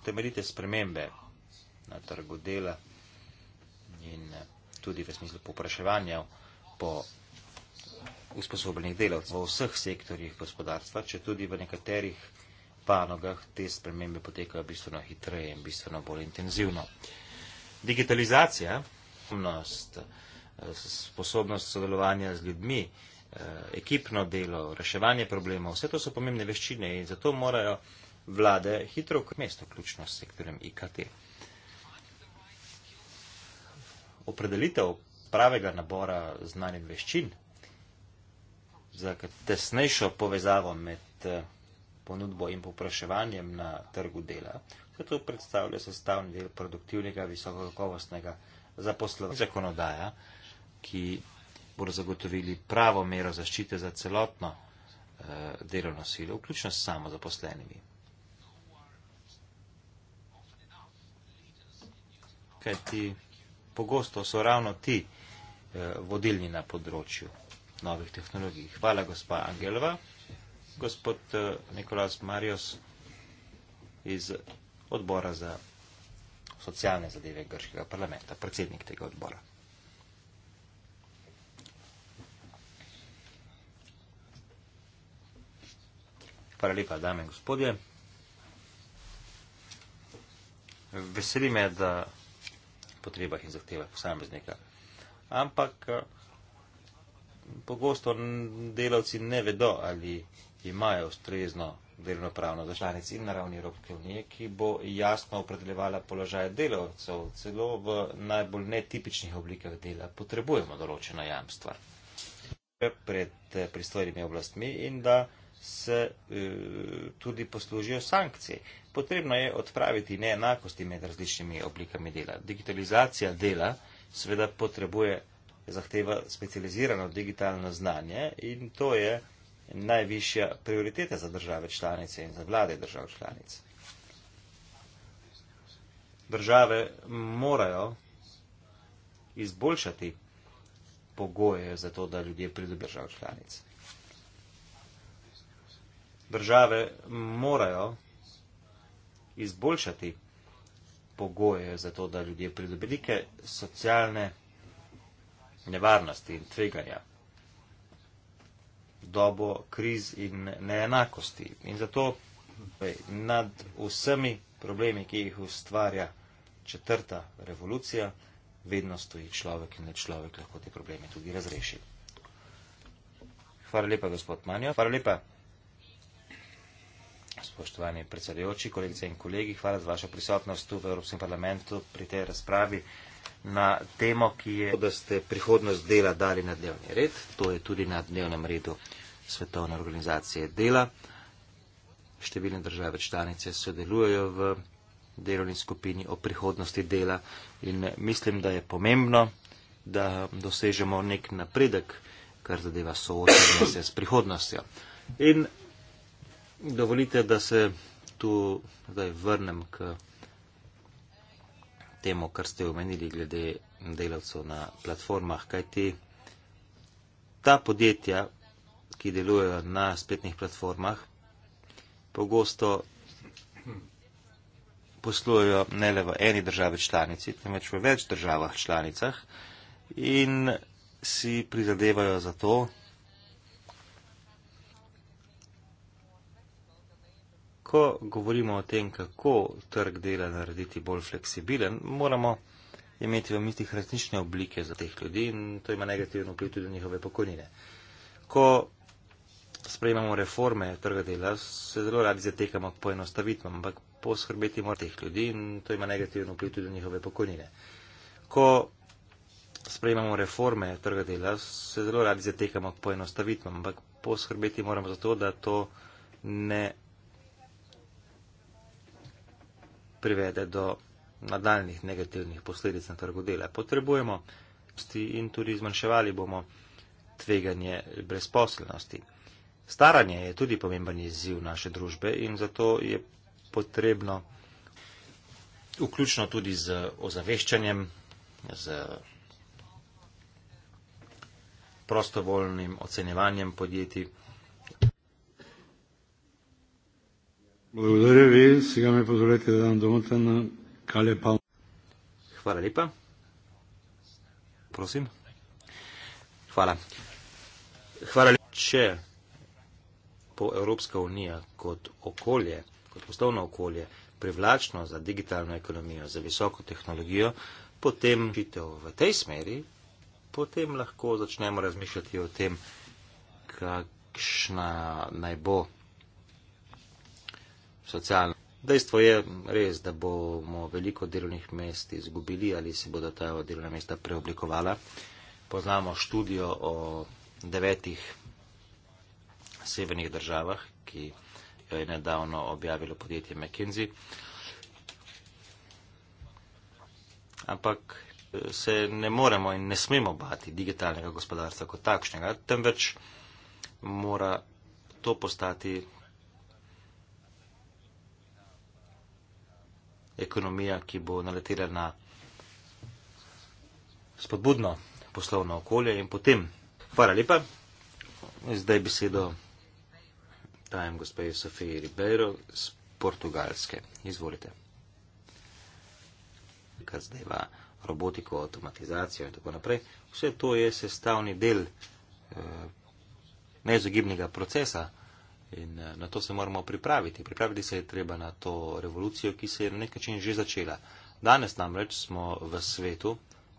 Temeljite spremembe na trgu dela in eh, tudi v smislu popraševanja po usposobljenih delavcev v vseh sektorjih gospodarstva, če tudi v nekaterih panogah te spremembe potekajo bistveno hitreje in bistveno bolj intenzivno. Digitalizacija, umnost, sposobnost sodelovanja z ljudmi, eh, ekipno delo, reševanje problemov, vse to so pomembne veščine in zato morajo vlade hitro v mesto, ključno s sektorjem IKT. Opredelitev pravega nabora znanj in veščin za tesnejšo povezavo med eh, ponudbo in popraševanjem na trgu dela, se to predstavlja sestavni del produktivnega, visokokakovostnega zaposlovanja zakonodaja, ki bodo zagotovili pravo mero zaščite za celotno eh, delovno silo, vključno s samo zaposlenimi. Kaj ti pogosto so ravno ti eh, vodilni na področju novih tehnologij. Hvala, gospa Angelova. Gospod eh, Nikolas Marios iz odbora za socialne zadeve Grškega parlamenta, predsednik tega odbora. Hvala lepa, dame in gospodje. Veseli me, da potrebah in zahtevah posameznika. Ampak eh, pogosto delavci ne vedo, ali imajo ustrezno delovno pravno državnic in naravni Evropske unije, ki bo jasno opredeljevala položaje delavcev, celo v najbolj netipičnih oblikah dela. Potrebujemo določena jamstva pred eh, pristojnimi oblastmi in da se eh, tudi poslužijo sankcij. Potrebno je odpraviti neenakosti med različnimi oblikami dela. Digitalizacija dela seveda potrebuje, zahteva specializirano digitalno znanje in to je najvišja prioriteta za države članice in za vlade držav članic. Države morajo izboljšati pogoje za to, da ljudje pridobijo držav članic države morajo izboljšati pogoje za to, da ljudje pridobijo velike socialne nevarnosti in tveganja, dobo kriz in neenakosti. In zato nad vsemi problemi, ki jih ustvarja četrta revolucija, vedno stoji človek in ne človek lahko te probleme tudi razreši. Hvala lepa, gospod Manjo. Hvala lepa. Spoštovani predsedujoči, kolegice in kolegi, hvala za vašo prisotnost tu v Evropskem parlamentu pri tej razpravi na temo, ki je, da ste prihodnost dela dali na dnevni red. To je tudi na dnevnem redu Svetovne organizacije dela. Številne države članice sodelujejo v delovni skupini o prihodnosti dela in mislim, da je pomembno, da dosežemo nek napredek, kar zadeva soočenje se s prihodnostjo. In dovolite, da se tu zdaj vrnem k temu, kar ste omenili glede delavcev na platformah, kajti ta podjetja, ki delujejo na spletnih platformah, pogosto poslujejo ne le v eni državi članici, temveč v več državah članicah in si prizadevajo za to, ko govorimo o tem, kako trg dela narediti bolj fleksibilen, moramo imeti v mislih različne oblike za teh ljudi in to ima negativno vpliv tudi na njihove pokojnine. Ko sprejemamo reforme trga dela, se zelo radi zatekamo k poenostavitvam, ampak poskrbeti moramo teh ljudi in to ima negativno vpliv tudi na njihove pokojnine. Ko sprejemamo reforme trga dela, se zelo radi zatekamo k poenostavitvam, ampak poskrbeti moramo za to, da to ne privede do nadaljnih negativnih posledic na trgu dela. Potrebujemo in tudi zmanjševali bomo tveganje brezposelnosti. Staranje je tudi pomemben izziv naše družbe in zato je potrebno vključno tudi z ozaveščanjem, z prostovoljnim ocenjevanjem podjetij, Благодаря ви. Сега ми позволете да дам думата на Кале Пал. Hvala lepa. Prosim. Hvala. Hvala lepa. Če bo Evropska unija kot okolje, kot poslovno okolje, privlačno za digitalno ekonomijo, za visoko tehnologijo, potem vidite v tej smeri, potem lahko začnemo razmišljati o tem, kakšna naj bo socialno. Dejstvo je res, da bomo veliko delovnih mest izgubili ali se bodo ta delovna mesta preoblikovala. Poznamo študijo o devetih severnih državah, ki jo je nedavno objavilo podjetje McKinsey. Ampak eh, se ne moremo in ne smemo bati digitalnega gospodarstva kot takšnega, temveč mora to postati ekonomija, ki bo naletela na spodbudno poslovno okolje in potem. Hvala lepa. Zdaj besedo dajem gospe Sofiji Ribeiro iz Portugalske. Izvolite. Kar zdajva robotiko, automatizacijo in tako naprej. Vse to je sestavni del eh, neizogibnega procesa. In eh, na to se moramo pripraviti. Pripraviti se je treba na to revolucijo, ki se je na nek način že začela. Danes namreč smo v svetu,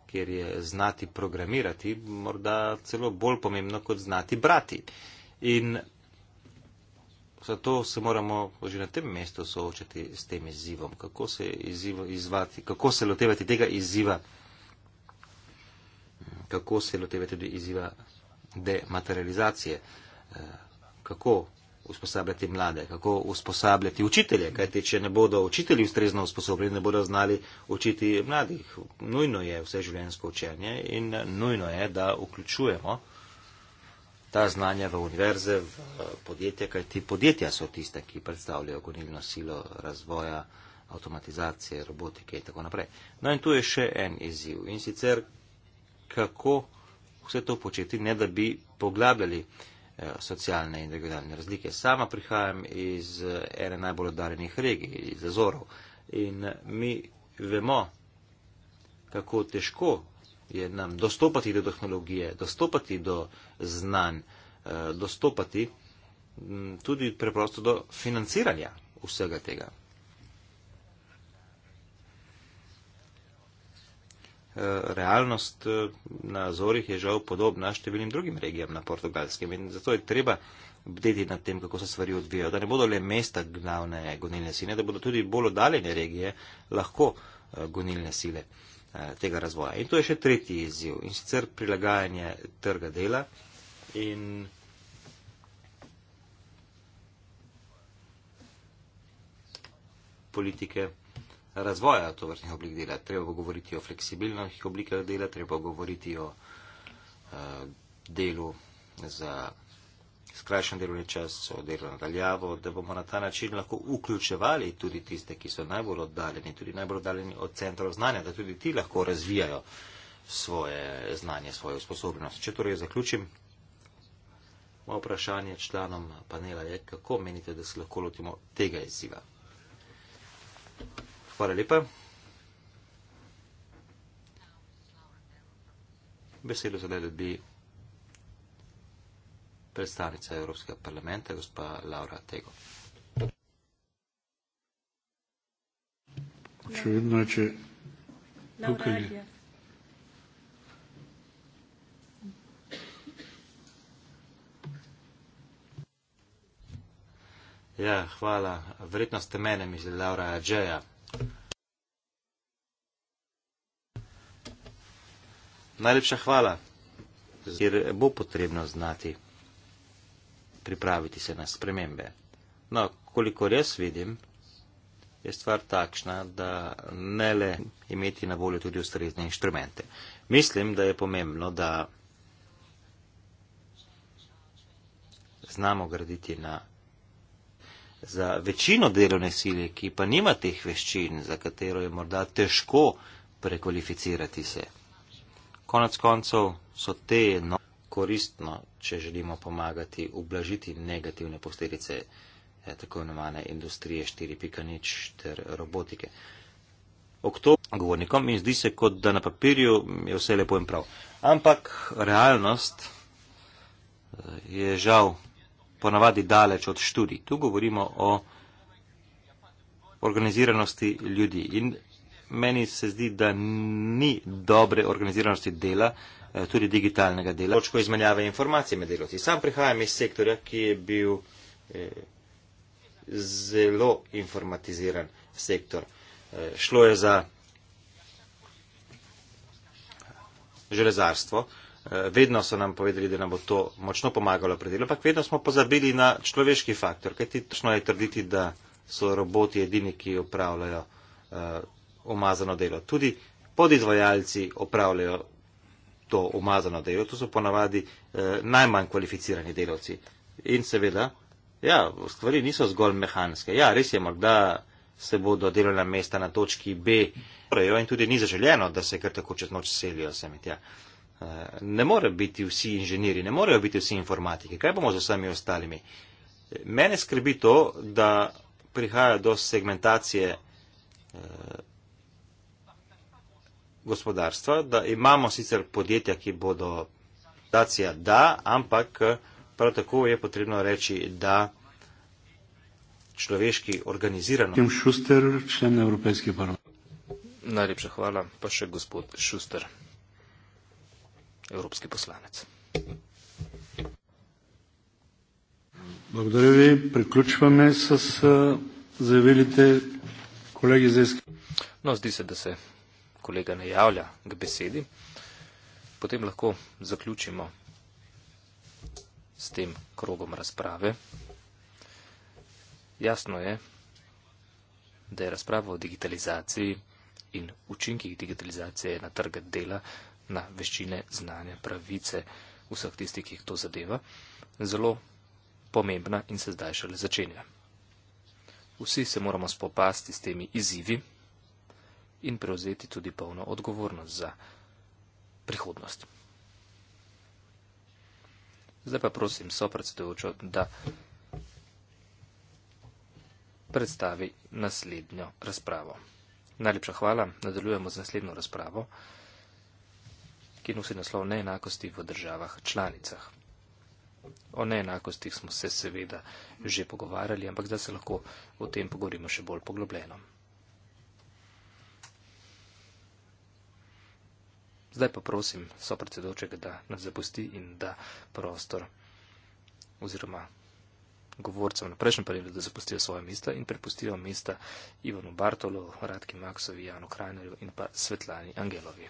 kjer je znati programirati morda celo bolj pomembno, kot znati brati. In zato se moramo že na tem mestu soočati s tem izzivom. Kako se, izzivo izvati, kako se lotevati tega izziva, kako se lotevati tudi izziva dematerializacije. Eh, kako usposabljati mlade, kako usposabljati učitelje, kajti če ne bodo učitelji ustrezno usposobljeni, ne bodo znali učiti mladih. Nujno je vse življenjsko učenje in nujno je, da vključujemo ta znanja v univerze, v podjetja, kajti podjetja so tiste, ki predstavljajo gonilno silo razvoja, avtomatizacije, robotike in tako naprej. No in tu je še en izziv in sicer kako vse to početi, ne da bi poglabljali. Eh, socialne in regionalne razlike. Sama prihajam iz eh, ene najbolj oddaljenih regij, iz Azorov. In eh, mi vemo, kako težko je nam dostopati do tehnologije, dostopati do znanj, dostopati tudi preprosto do financiranja vsega tega. Eh, realnost eh, na Azorih je žal podobna številnim drugim regijam na portugalskem in zato je treba bdeti nad tem, kako se stvari odvijajo, da ne bodo le mesta glavne gonilne sile, da bodo tudi bolj oddaljene regije lahko eh, gonilne sile tega razvoja. In to je še tretji izziv in sicer prilagajanje trga dela in politike razvoja to vrstnih oblik dela. Treba bo govoriti o fleksibilnih oblikah dela, treba bo govoriti o uh, delu za skrajšan delovni čas, o delu nadaljavo, da bomo na ta način lahko vključevali tudi tiste, ki so najbolj oddaljeni, tudi najbolj oddaljeni od centrov znanja, da tudi ti lahko razvijajo svoje znanje, svojo sposobnost. Če torej zaključim. Moje vprašanje članom panela je, kako menite, da se lahko lotimo tega izziva? Hvala lepa. Besedo zdaj dobi predstavnica Evropskega parlamenta, gospa Laura Tego. Če vidno, če tukaj je. Ja, hvala. Verjetno ste mene mislili, Laura Adžeja. Najlepša hvala, ker bo potrebno znati pripraviti se na spremembe. No, kolikor jaz vidim, je stvar takšna, da ne le imeti na voljo tudi ustrezne inštrumente. Mislim, da je pomembno, da znamo graditi na za večino delovne sile, ki pa nima teh veščin, za katero je morda težko prekvalificirati se. Konec koncev so te no koristno, če želimo pomagati ublažiti negativne posledice eh, tako imenovane industrije 4.0 ter robotike. Oktober govornikom in zdi se, kot da na papirju je vse lepo in prav. Ampak realnost eh, je žal ponavadi daleč od študij. Tu govorimo o organiziranosti ljudi in meni se zdi, da ni dobre organiziranosti dela, eh, tudi digitalnega dela. Točko izmenjave informacije med delovci. Sam prihajam iz sektorja, ki je bil eh, zelo informatiziran sektor. Eh, šlo je za železarstvo. Eh, vedno so nam povedali, da nam bo to močno pomagalo pri delu, ampak vedno smo pozabili na človeški faktor, kajti točno je trditi, da so roboti edini, ki upravljajo uh, eh, umazano delo. Tudi podizvajalci upravljajo to umazano delo, to so ponavadi uh, najmanj kvalificirani delavci. In seveda, ja, stvari niso zgolj mehanske. Ja, res je, morda se bodo delovna mesta na točki B. Torej, ja, in tudi ni zaželjeno, da se kar tako čez noč selijo sem in tja. Uh, Eh, ne morejo biti vsi inženiri, ne morejo biti vsi informatiki. Kaj bomo z vsemi ostalimi? Mene skrbi to, da prihaja do segmentacije eh, gospodarstva, da imamo sicer podjetja, ki bodo dacija da, ampak eh, prav tako je potrebno reči, da človeški organizirano. Šuster, Najlepša hvala, pa še gospod Šuster evropski poslanec. Благодаря ви. Приключваме с а, заявилите колеги за иск... No, zdi se, da se kolega ne javlja k besedi. Potem lahko zaključimo s tem krogom razprave. Jasno je, da je razprava o digitalizaciji in učinkih digitalizacije na trg dela na veščine, znanja, pravice vseh tistih, ki jih to zadeva, zelo pomembna in se zdaj šele začenja. Vsi se moramo spopasti s temi izzivi in prevzeti tudi polno odgovornost za prihodnost. Zdaj pa prosim sopredsedujočo, da predstavi naslednjo razpravo. Najlepša hvala, nadaljujemo z naslednjo razpravo ki nosi naslov neenakosti v državah članicah. O neenakostih smo se seveda že pogovarjali, ampak zdaj se lahko o tem pogovorimo še bolj poglobljeno. Zdaj pa prosim sopredsedočega, da nas zapusti in da prostor oziroma govorcem na prejšnjem panelu, da zapustijo svoje mesta in prepustijo mesta Ivanu Bartolu, Radki Maksovi, Janu Krajnerju in pa Svetlani Angelovi.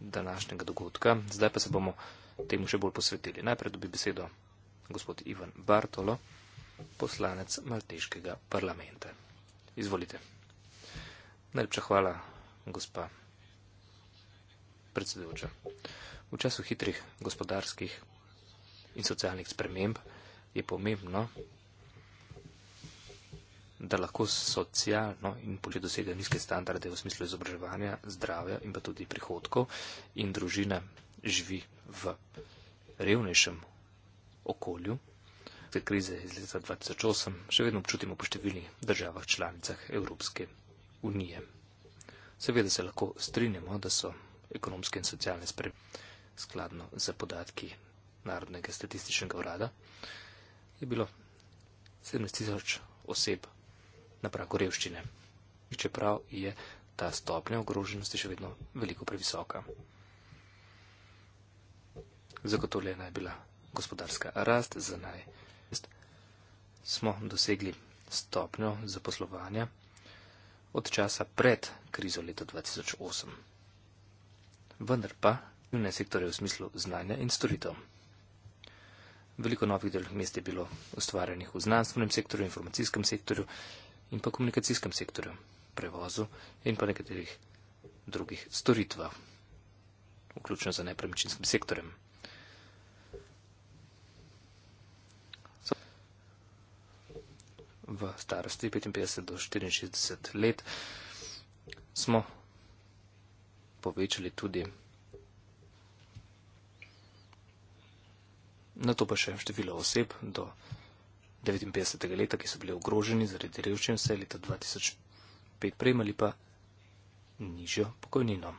današnjega dogodka. Zdaj pa se bomo temu še bolj posvetili. Najprej dobi besedo gospod Ivan Bartolo, poslanec Malteškega parlamenta. Izvolite. Najlepša hvala, gospa predsedujoča. V času hitrih gospodarskih in socialnih sprememb je pomembno, da lahko socialno in počet dosega nizke standarde v smislu izobraževanja, zdravja in pa tudi prihodkov in družina živi v revnejšem okolju. Te krize iz leta 2008 še vedno občutimo po številnih državah članicah Evropske unije. Seveda se lahko strinjamo, da so ekonomske in socialne spremembe skladno z podatki Narodnega statističnega urada, je bilo 17 tisoč oseb na pragu revščine, čeprav je ta stopnja ogroženosti še vedno veliko previsoka. Zagotovljena je bila gospodarska rast za naj. Smo dosegli stopnjo zaposlovanja od časa pred krizo leta 2008. Vendar pa ne sektore v smislu znanja in storitev. Veliko novih delovnih mest je bilo ustvarjenih v znanstvenem sektorju, informacijskem sektorju, in pa komunikacijskem sektorju, prevozu in pa nekaterih drugih storitvah, vključno za nepremičninskim sektorjem. V starosti 55 do 64 let smo povečali tudi na to pa še število oseb do 59. leta, ki so bili ogroženi zaradi revščine, vse leta 2005 prejmali pa nižjo pokojnino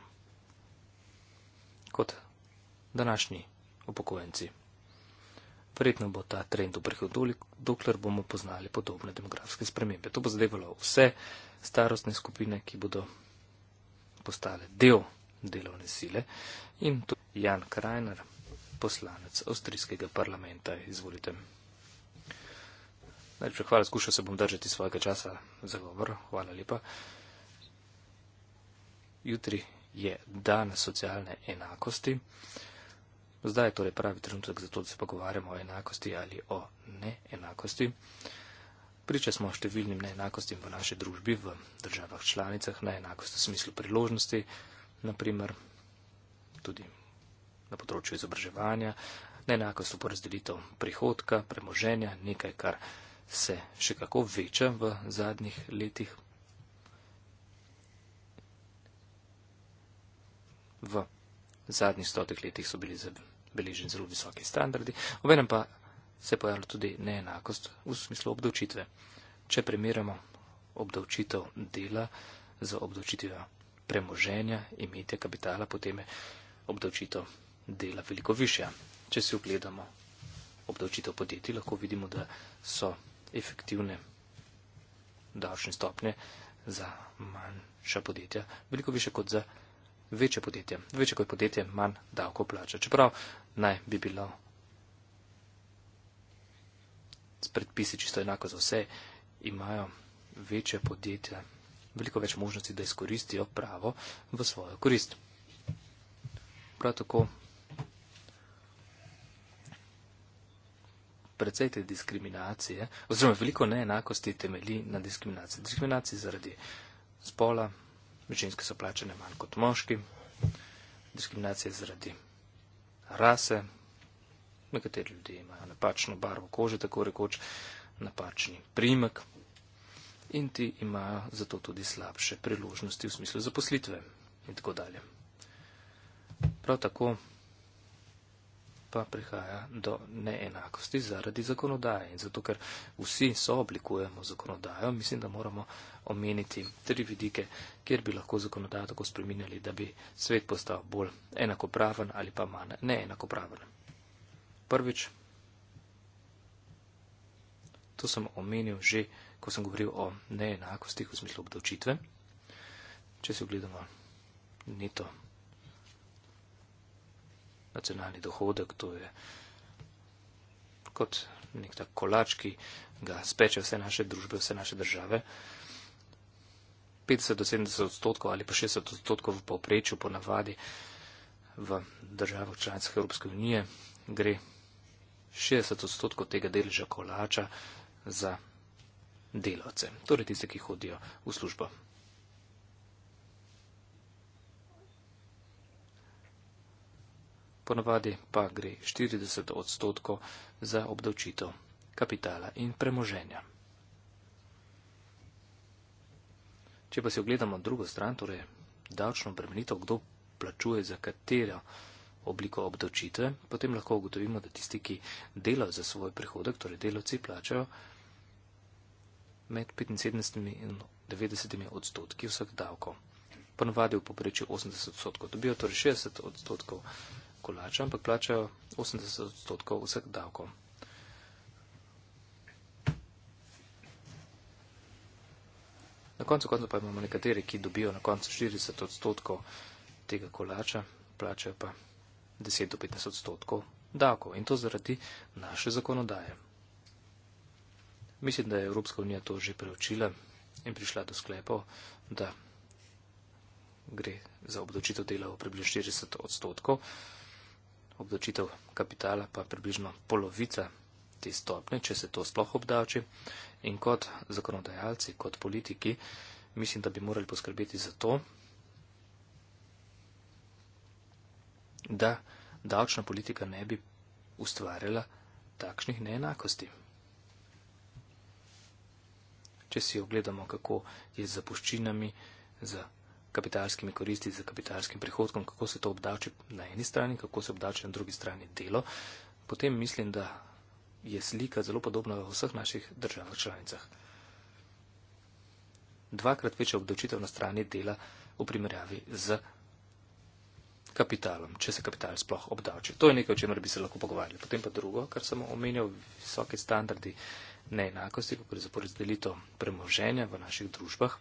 kot današnji upokojenci. Verjetno bo ta trend obrhel, dokler bomo poznali podobne demografske spremembe. To bo zadevalo vse starostne skupine, ki bodo postale del delovne sile in tu Jan Krajner, poslanec avstrijskega parlamenta, izvolite. Najprej hvala, skušal se bom držati svojega časa za govor. Hvala lepa. Jutri je dan socialne enakosti. Zdaj je torej pravi trenutek za to, da se pogovarjamo o enakosti ali o neenakosti. Priča smo številnim neenakostim v naši družbi, v državah članicah, neenakosti v smislu priložnosti, naprimer tudi na področju izobraževanja, neenakost v porazdelitev prihodka, premoženja, nekaj, kar se še kako veča v zadnjih letih. V zadnjih stotih letih so bili zabeleženi zelo visoki standardi, obenem pa se je pojavila tudi neenakost v smislu obdavčitve. Če primerjamo obdavčitev dela z obdavčitvijo premoženja, imetja kapitala, potem je obdavčitev dela veliko višja. Če si ogledamo obdavčitev podjetij, lahko vidimo, da so efektivne davčne stopnje za manjša podjetja, veliko više kot za večje podjetje. Večje kot podjetje manj davko plača, čeprav naj bi bilo s predpisi čisto enako za vse, imajo večje podjetja veliko več možnosti, da izkoristijo pravo v svojo korist. Prav tako precej te diskriminacije, oziroma veliko neenakosti temelji na diskriminaciji. Diskriminaciji zaradi spola, ženske so plačene manj kot moški, diskriminacije zaradi rase, nekateri ljudje imajo napačno barvo kože, tako rekoč, napačni primek in ti imajo zato tudi slabše priložnosti v smislu zaposlitve in tako dalje. Prav tako pa prihaja do neenakosti zaradi zakonodaje. In zato, ker vsi sooblikujemo zakonodajo, mislim, da moramo omeniti tri vidike, kjer bi lahko zakonodajo tako spreminjali, da bi svet postal bolj enakopraven ali pa manj neenakopraven. Prvič, to sem omenil že, ko sem govoril o neenakostih v smislu obdavčitve. Če si ogledamo neto nacionalni dohodek, to je kot nek tak kolač, ki ga speče vse naše družbe, vse naše države. 50 do 70 odstotkov ali pa 60 odstotkov v povprečju ponavadi v državah članicah Evropske unije gre 60 odstotkov tega deleža kolača za delavce, torej tiste, ki hodijo v službo. ponavadi pa gre 40 odstotkov za obdavčitev kapitala in premoženja. Če pa si ogledamo drugo stran, torej davčno obremenitev, kdo plačuje za katero obliko obdavčitve, potem lahko ugotovimo, da tisti, ki delajo za svoj prihodek, torej delavci, plačajo med 75 in 90 odstotki vseh davkov. Ponavadi v poprečju 80 odstotkov dobijo, torej 60 odstotkov kolača, ampak plačajo 80 odstotkov vseh davkov. Na koncu konca pa imamo nekateri, ki dobijo na koncu 40 odstotkov tega kolača, plačajo pa 10 do 15 odstotkov davkov in to zaradi naše zakonodaje. Mislim, da je Evropska unija to že preučila in prišla do sklepov, da gre za obdočitev dela v približno 40 odstotkov obdočitev kapitala pa približno polovica te stopne, če se to sploh obdavči. In kot zakonodajalci, kot politiki, mislim, da bi morali poskrbeti za to, da davčna politika ne bi ustvarjala takšnih neenakosti. Če si ogledamo, kako je z zapuščinami, z kapitalskimi koristi, z kapitalskim prihodkom, kako se to obdavči na eni strani, kako se obdavči na drugi strani delo, potem mislim, da je slika zelo podobna v vseh naših državah članicah. Dvakrat večja obdavčitev na strani dela v primerjavi z kapitalom, če se kapital sploh obdavči. To je nekaj, o čemer bi se lahko pogovarjali. Potem pa drugo, kar sem omenjal, visoke standardi neenakosti, kako je za porazdelitev premoženja v naših družbah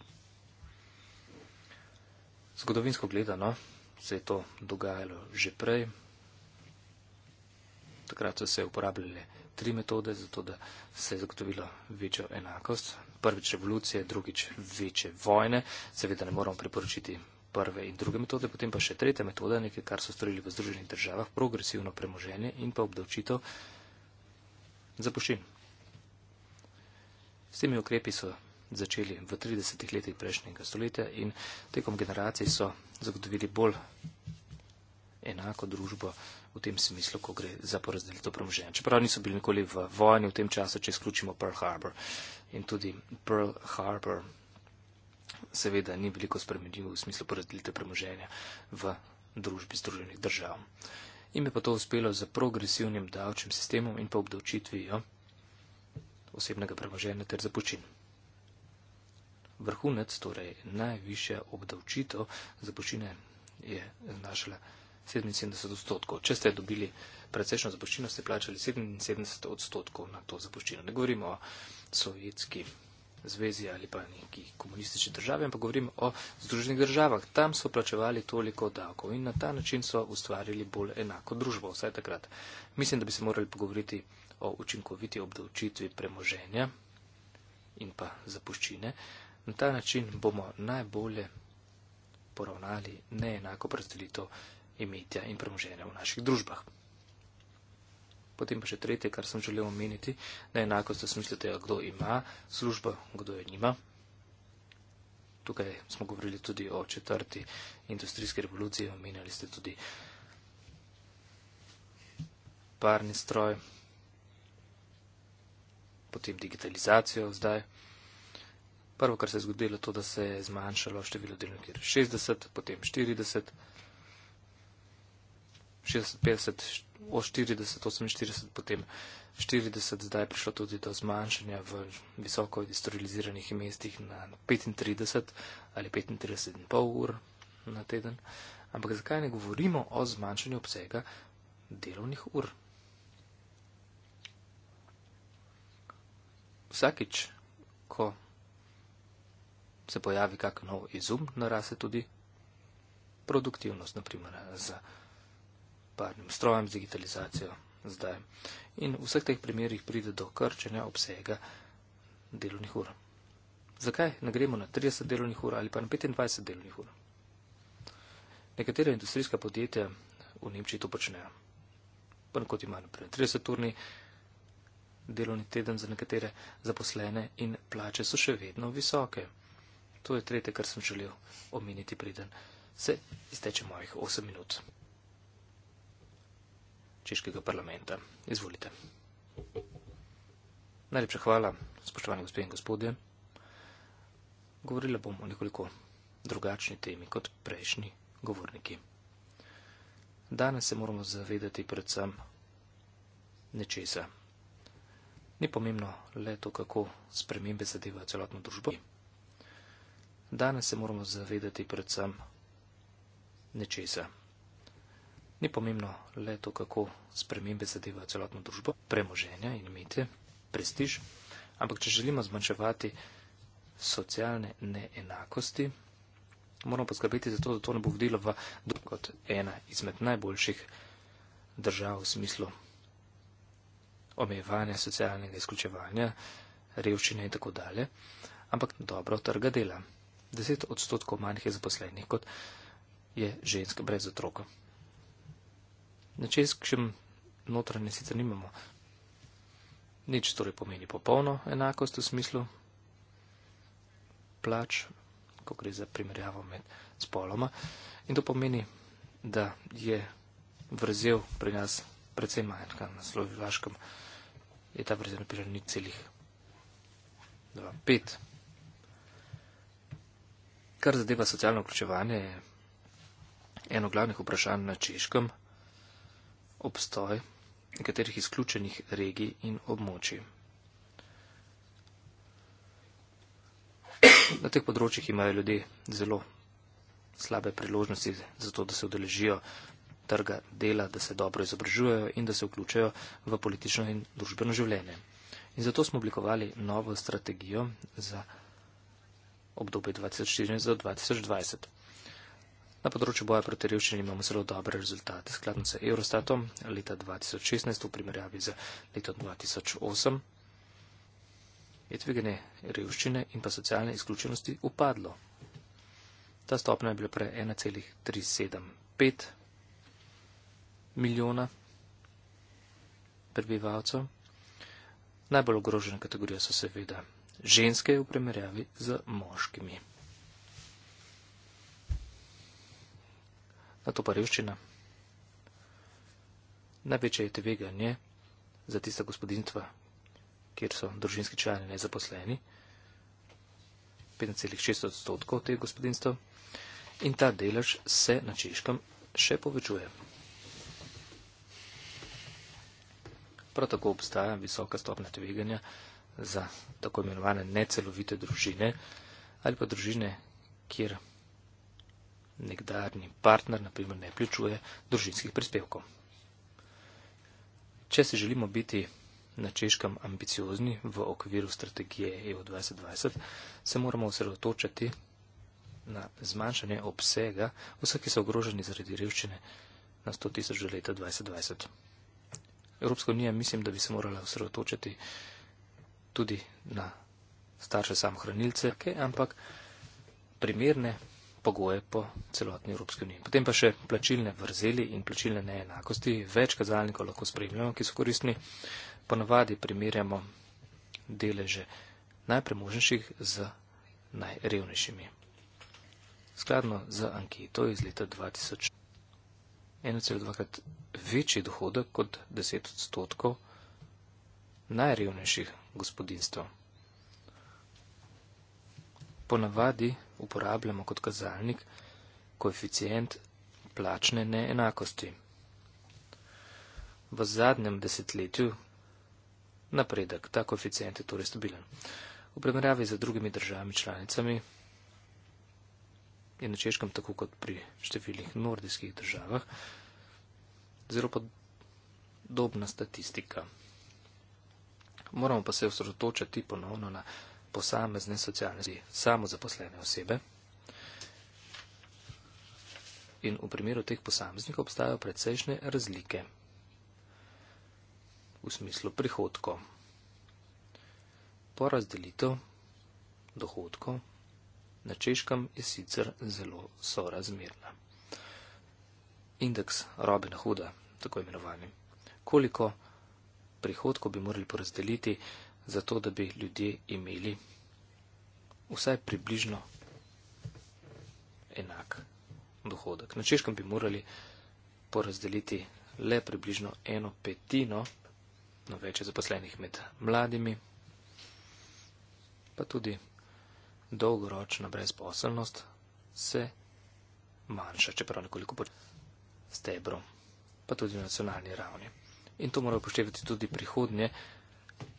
zgodovinsko gledano se je to dogajalo že prej. Takrat so se uporabljale tri metode, zato da se je zagotovilo večjo enakost. Prvič revolucije, drugič večje vojne. Seveda ne moramo priporočiti prve in druge metode, potem pa še tretja metoda, nekaj, kar so storili v Združenih državah, progresivno premoženje in pa obdavčitev zapuščin. S temi ukrepi so začeli v 30. letih prejšnjega stoletja in tekom generacij so zagotovili bolj enako družbo v tem smislu, ko gre za porazdelitev premoženja. Čeprav niso bili nikoli v vojni v tem času, če izključimo Pearl Harbor. In tudi Pearl Harbor seveda ni veliko spremenil v smislu porazdelitev premoženja v družbi združenih držav. Im je pa to uspelo za progresivnim davčnim sistemom in pa obdavčitvijo osebnega premoženja ter započinjenja vrhunec, torej najviše obdavčitev za počine je znašala 77 odstotkov. Če ste dobili precejšno zapuščino, ste plačali 77 odstotkov na to zapuščino. Ne govorimo o sovjetski zvezi ali pa neki komunistični državi, ampak govorimo o združenih državah. Tam so plačevali toliko davkov in na ta način so ustvarili bolj enako družbo, vsaj takrat. Mislim, da bi se morali pogovoriti o učinkoviti obdavčitvi premoženja in pa zapuščine. Na ta način bomo najbolje poravnali neenako predstavitev imetja in premoženja v naših družbah. Potem pa še tretje, kar sem želel omeniti, da enako ste smislite, kdo ima službo, kdo jo nima. Tukaj smo govorili tudi o četrti industrijski revoluciji, omenjali ste tudi parni stroj, potem digitalizacijo zdaj. Prvo, kar se je zgodilo, je to, da se je zmanjšalo število delovnih ur. 60, potem 40, 60, 50, 40, 48, potem 40, zdaj je prišlo tudi do zmanjšanja v visoko industrializiranih mestih na 35 ali 35,5 ur na teden. Ampak zakaj ne govorimo o zmanjšanju obsega delovnih ur? Vsakič, ko se pojavi kak nov izum, naraste tudi produktivnost, naprimer z parnim strojem, z digitalizacijo zdaj. In v vseh teh primerjih pride do krčenja obsega delovnih ur. Zakaj ne gremo na 30 delovnih ur ali pa na 25 delovnih ur? Nekatere industrijska podjetja v Nemčiji to počnejo. Pa kot ima naprej 30-urni delovni teden za nekatere zaposlene in plače so še vedno visoke. To je tretje, kar sem želel omeniti preden. Se izteče mojih 8 minut. Češkega parlamenta. Izvolite. Najlepša hvala, spoštovani gospod in gospodje. Govorila bom o nekoliko drugačni temi kot prejšnji govorniki. Danes se moramo zavedati predvsem nečesa. Ni pomembno le to, kako spremembe zadeva celotno družbo danes se moramo zavedati predvsem nečesa. Ni pomembno le to, kako spremembe zadevajo celotno družbo, premoženja in imete, prestiž, ampak če želimo zmanjševati socialne neenakosti, moramo poskrbeti za to, da to ne bo vodilo v drug kot ena izmed najboljših držav v smislu omejevanja socialnega izključevanja, revščine in tako dalje, ampak dobro trga dela. 10 odstotkov manj je zaposlenih kot je žensk brez otroka. Na českem notranje sicer nimamo. Nič torej pomeni popolno enakost v smislu plač, ko gre za primerjavo med spoloma. In to pomeni, da je vrzel pri nas predvsem manj, kar na slovivaškem je ta vrzel napisal ni celih 2,5. Kar zadeva socialno vključevanje, je eno glavnih vprašanj na češkem obstoj nekaterih izključenih regij in območij. Na teh področjih imajo ljudje zelo slabe priložnosti za to, da se odeležijo trga dela, da se dobro izobražujejo in da se vključejo v politično in družbeno življenje. In zato smo oblikovali novo strategijo za obdobje 2014 do 2020. Na področju boja proti revščini imamo zelo dobre rezultate. Skladno z Eurostatom leta 2016 v primerjavi z letom 2008 je tvegane revščine in pa socialne izključenosti upadlo. Ta stopnja je bila prej 1,375 milijona prebivalcev. Najbolj ogrožene kategorije so seveda ženske v primerjavi z moškimi. Na to pa revščina. Največje je tveganje za tista gospodinstva, kjer so družinski člani nezaposleni, 5,6 odstotkov teh gospodinstv, in ta delež se na češkem še povečuje. Prav tako obstaja visoka stopna tveganja za tako imenovane necelovite družine ali pa družine, kjer nekdarni partner, naprimer, ne plačuje družinskih prispevkov. Če se želimo biti na češkem ambiciozni v okviru strategije EU 2020, se moramo osredotočati na zmanjšanje obsega vseh, ki so ogroženi zaradi revščine na 100 tisoč do leta 2020. Evropska unija mislim, da bi se morala osredotočiti tudi na starše samohranilce, ampak primerne pogoje po celotni Evropski uniji. Potem pa še plačilne vrzeli in plačilne neenakosti. Več kazalnikov lahko spremljamo, ki so koristni. Ponavadi primerjamo deleže najpremožnejših z najrevnejšimi. Skladno z anketo iz leta 2000, 1,2 krat večji dohodek kot 10 odstotkov najrevnejših gospodinstv. Ponavadi uporabljamo kot kazalnik koeficient plačne neenakosti. V zadnjem desetletju napredek, ta koeficient je torej stabilen. V primerjavi z drugimi državami članicami je na češkem tako kot pri številnih nordijskih državah zelo podobna statistika moramo pa se osredotočiti ponovno na posamezne socialne zdi, samo zaposlene osebe. In v primeru teh posameznikov obstajajo precejšnje razlike v smislu prihodko. Porazdelitev dohodko na češkem je sicer zelo sorazmerna. Indeks Robina Huda, tako imenovani, koliko prihodkov bi morali porazdeliti, zato da bi ljudje imeli vsaj približno enak dohodek. Na češkem bi morali porazdeliti le približno eno petino, no več je zaposlenih med mladimi, pa tudi dolgoročna brezposelnost se manjša, čeprav nekoliko pod stebrom, pa tudi na nacionalni ravni in to mora upoštevati tudi prihodnje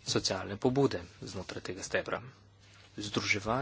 socialne pobude znotraj tega stebra. Združevanje.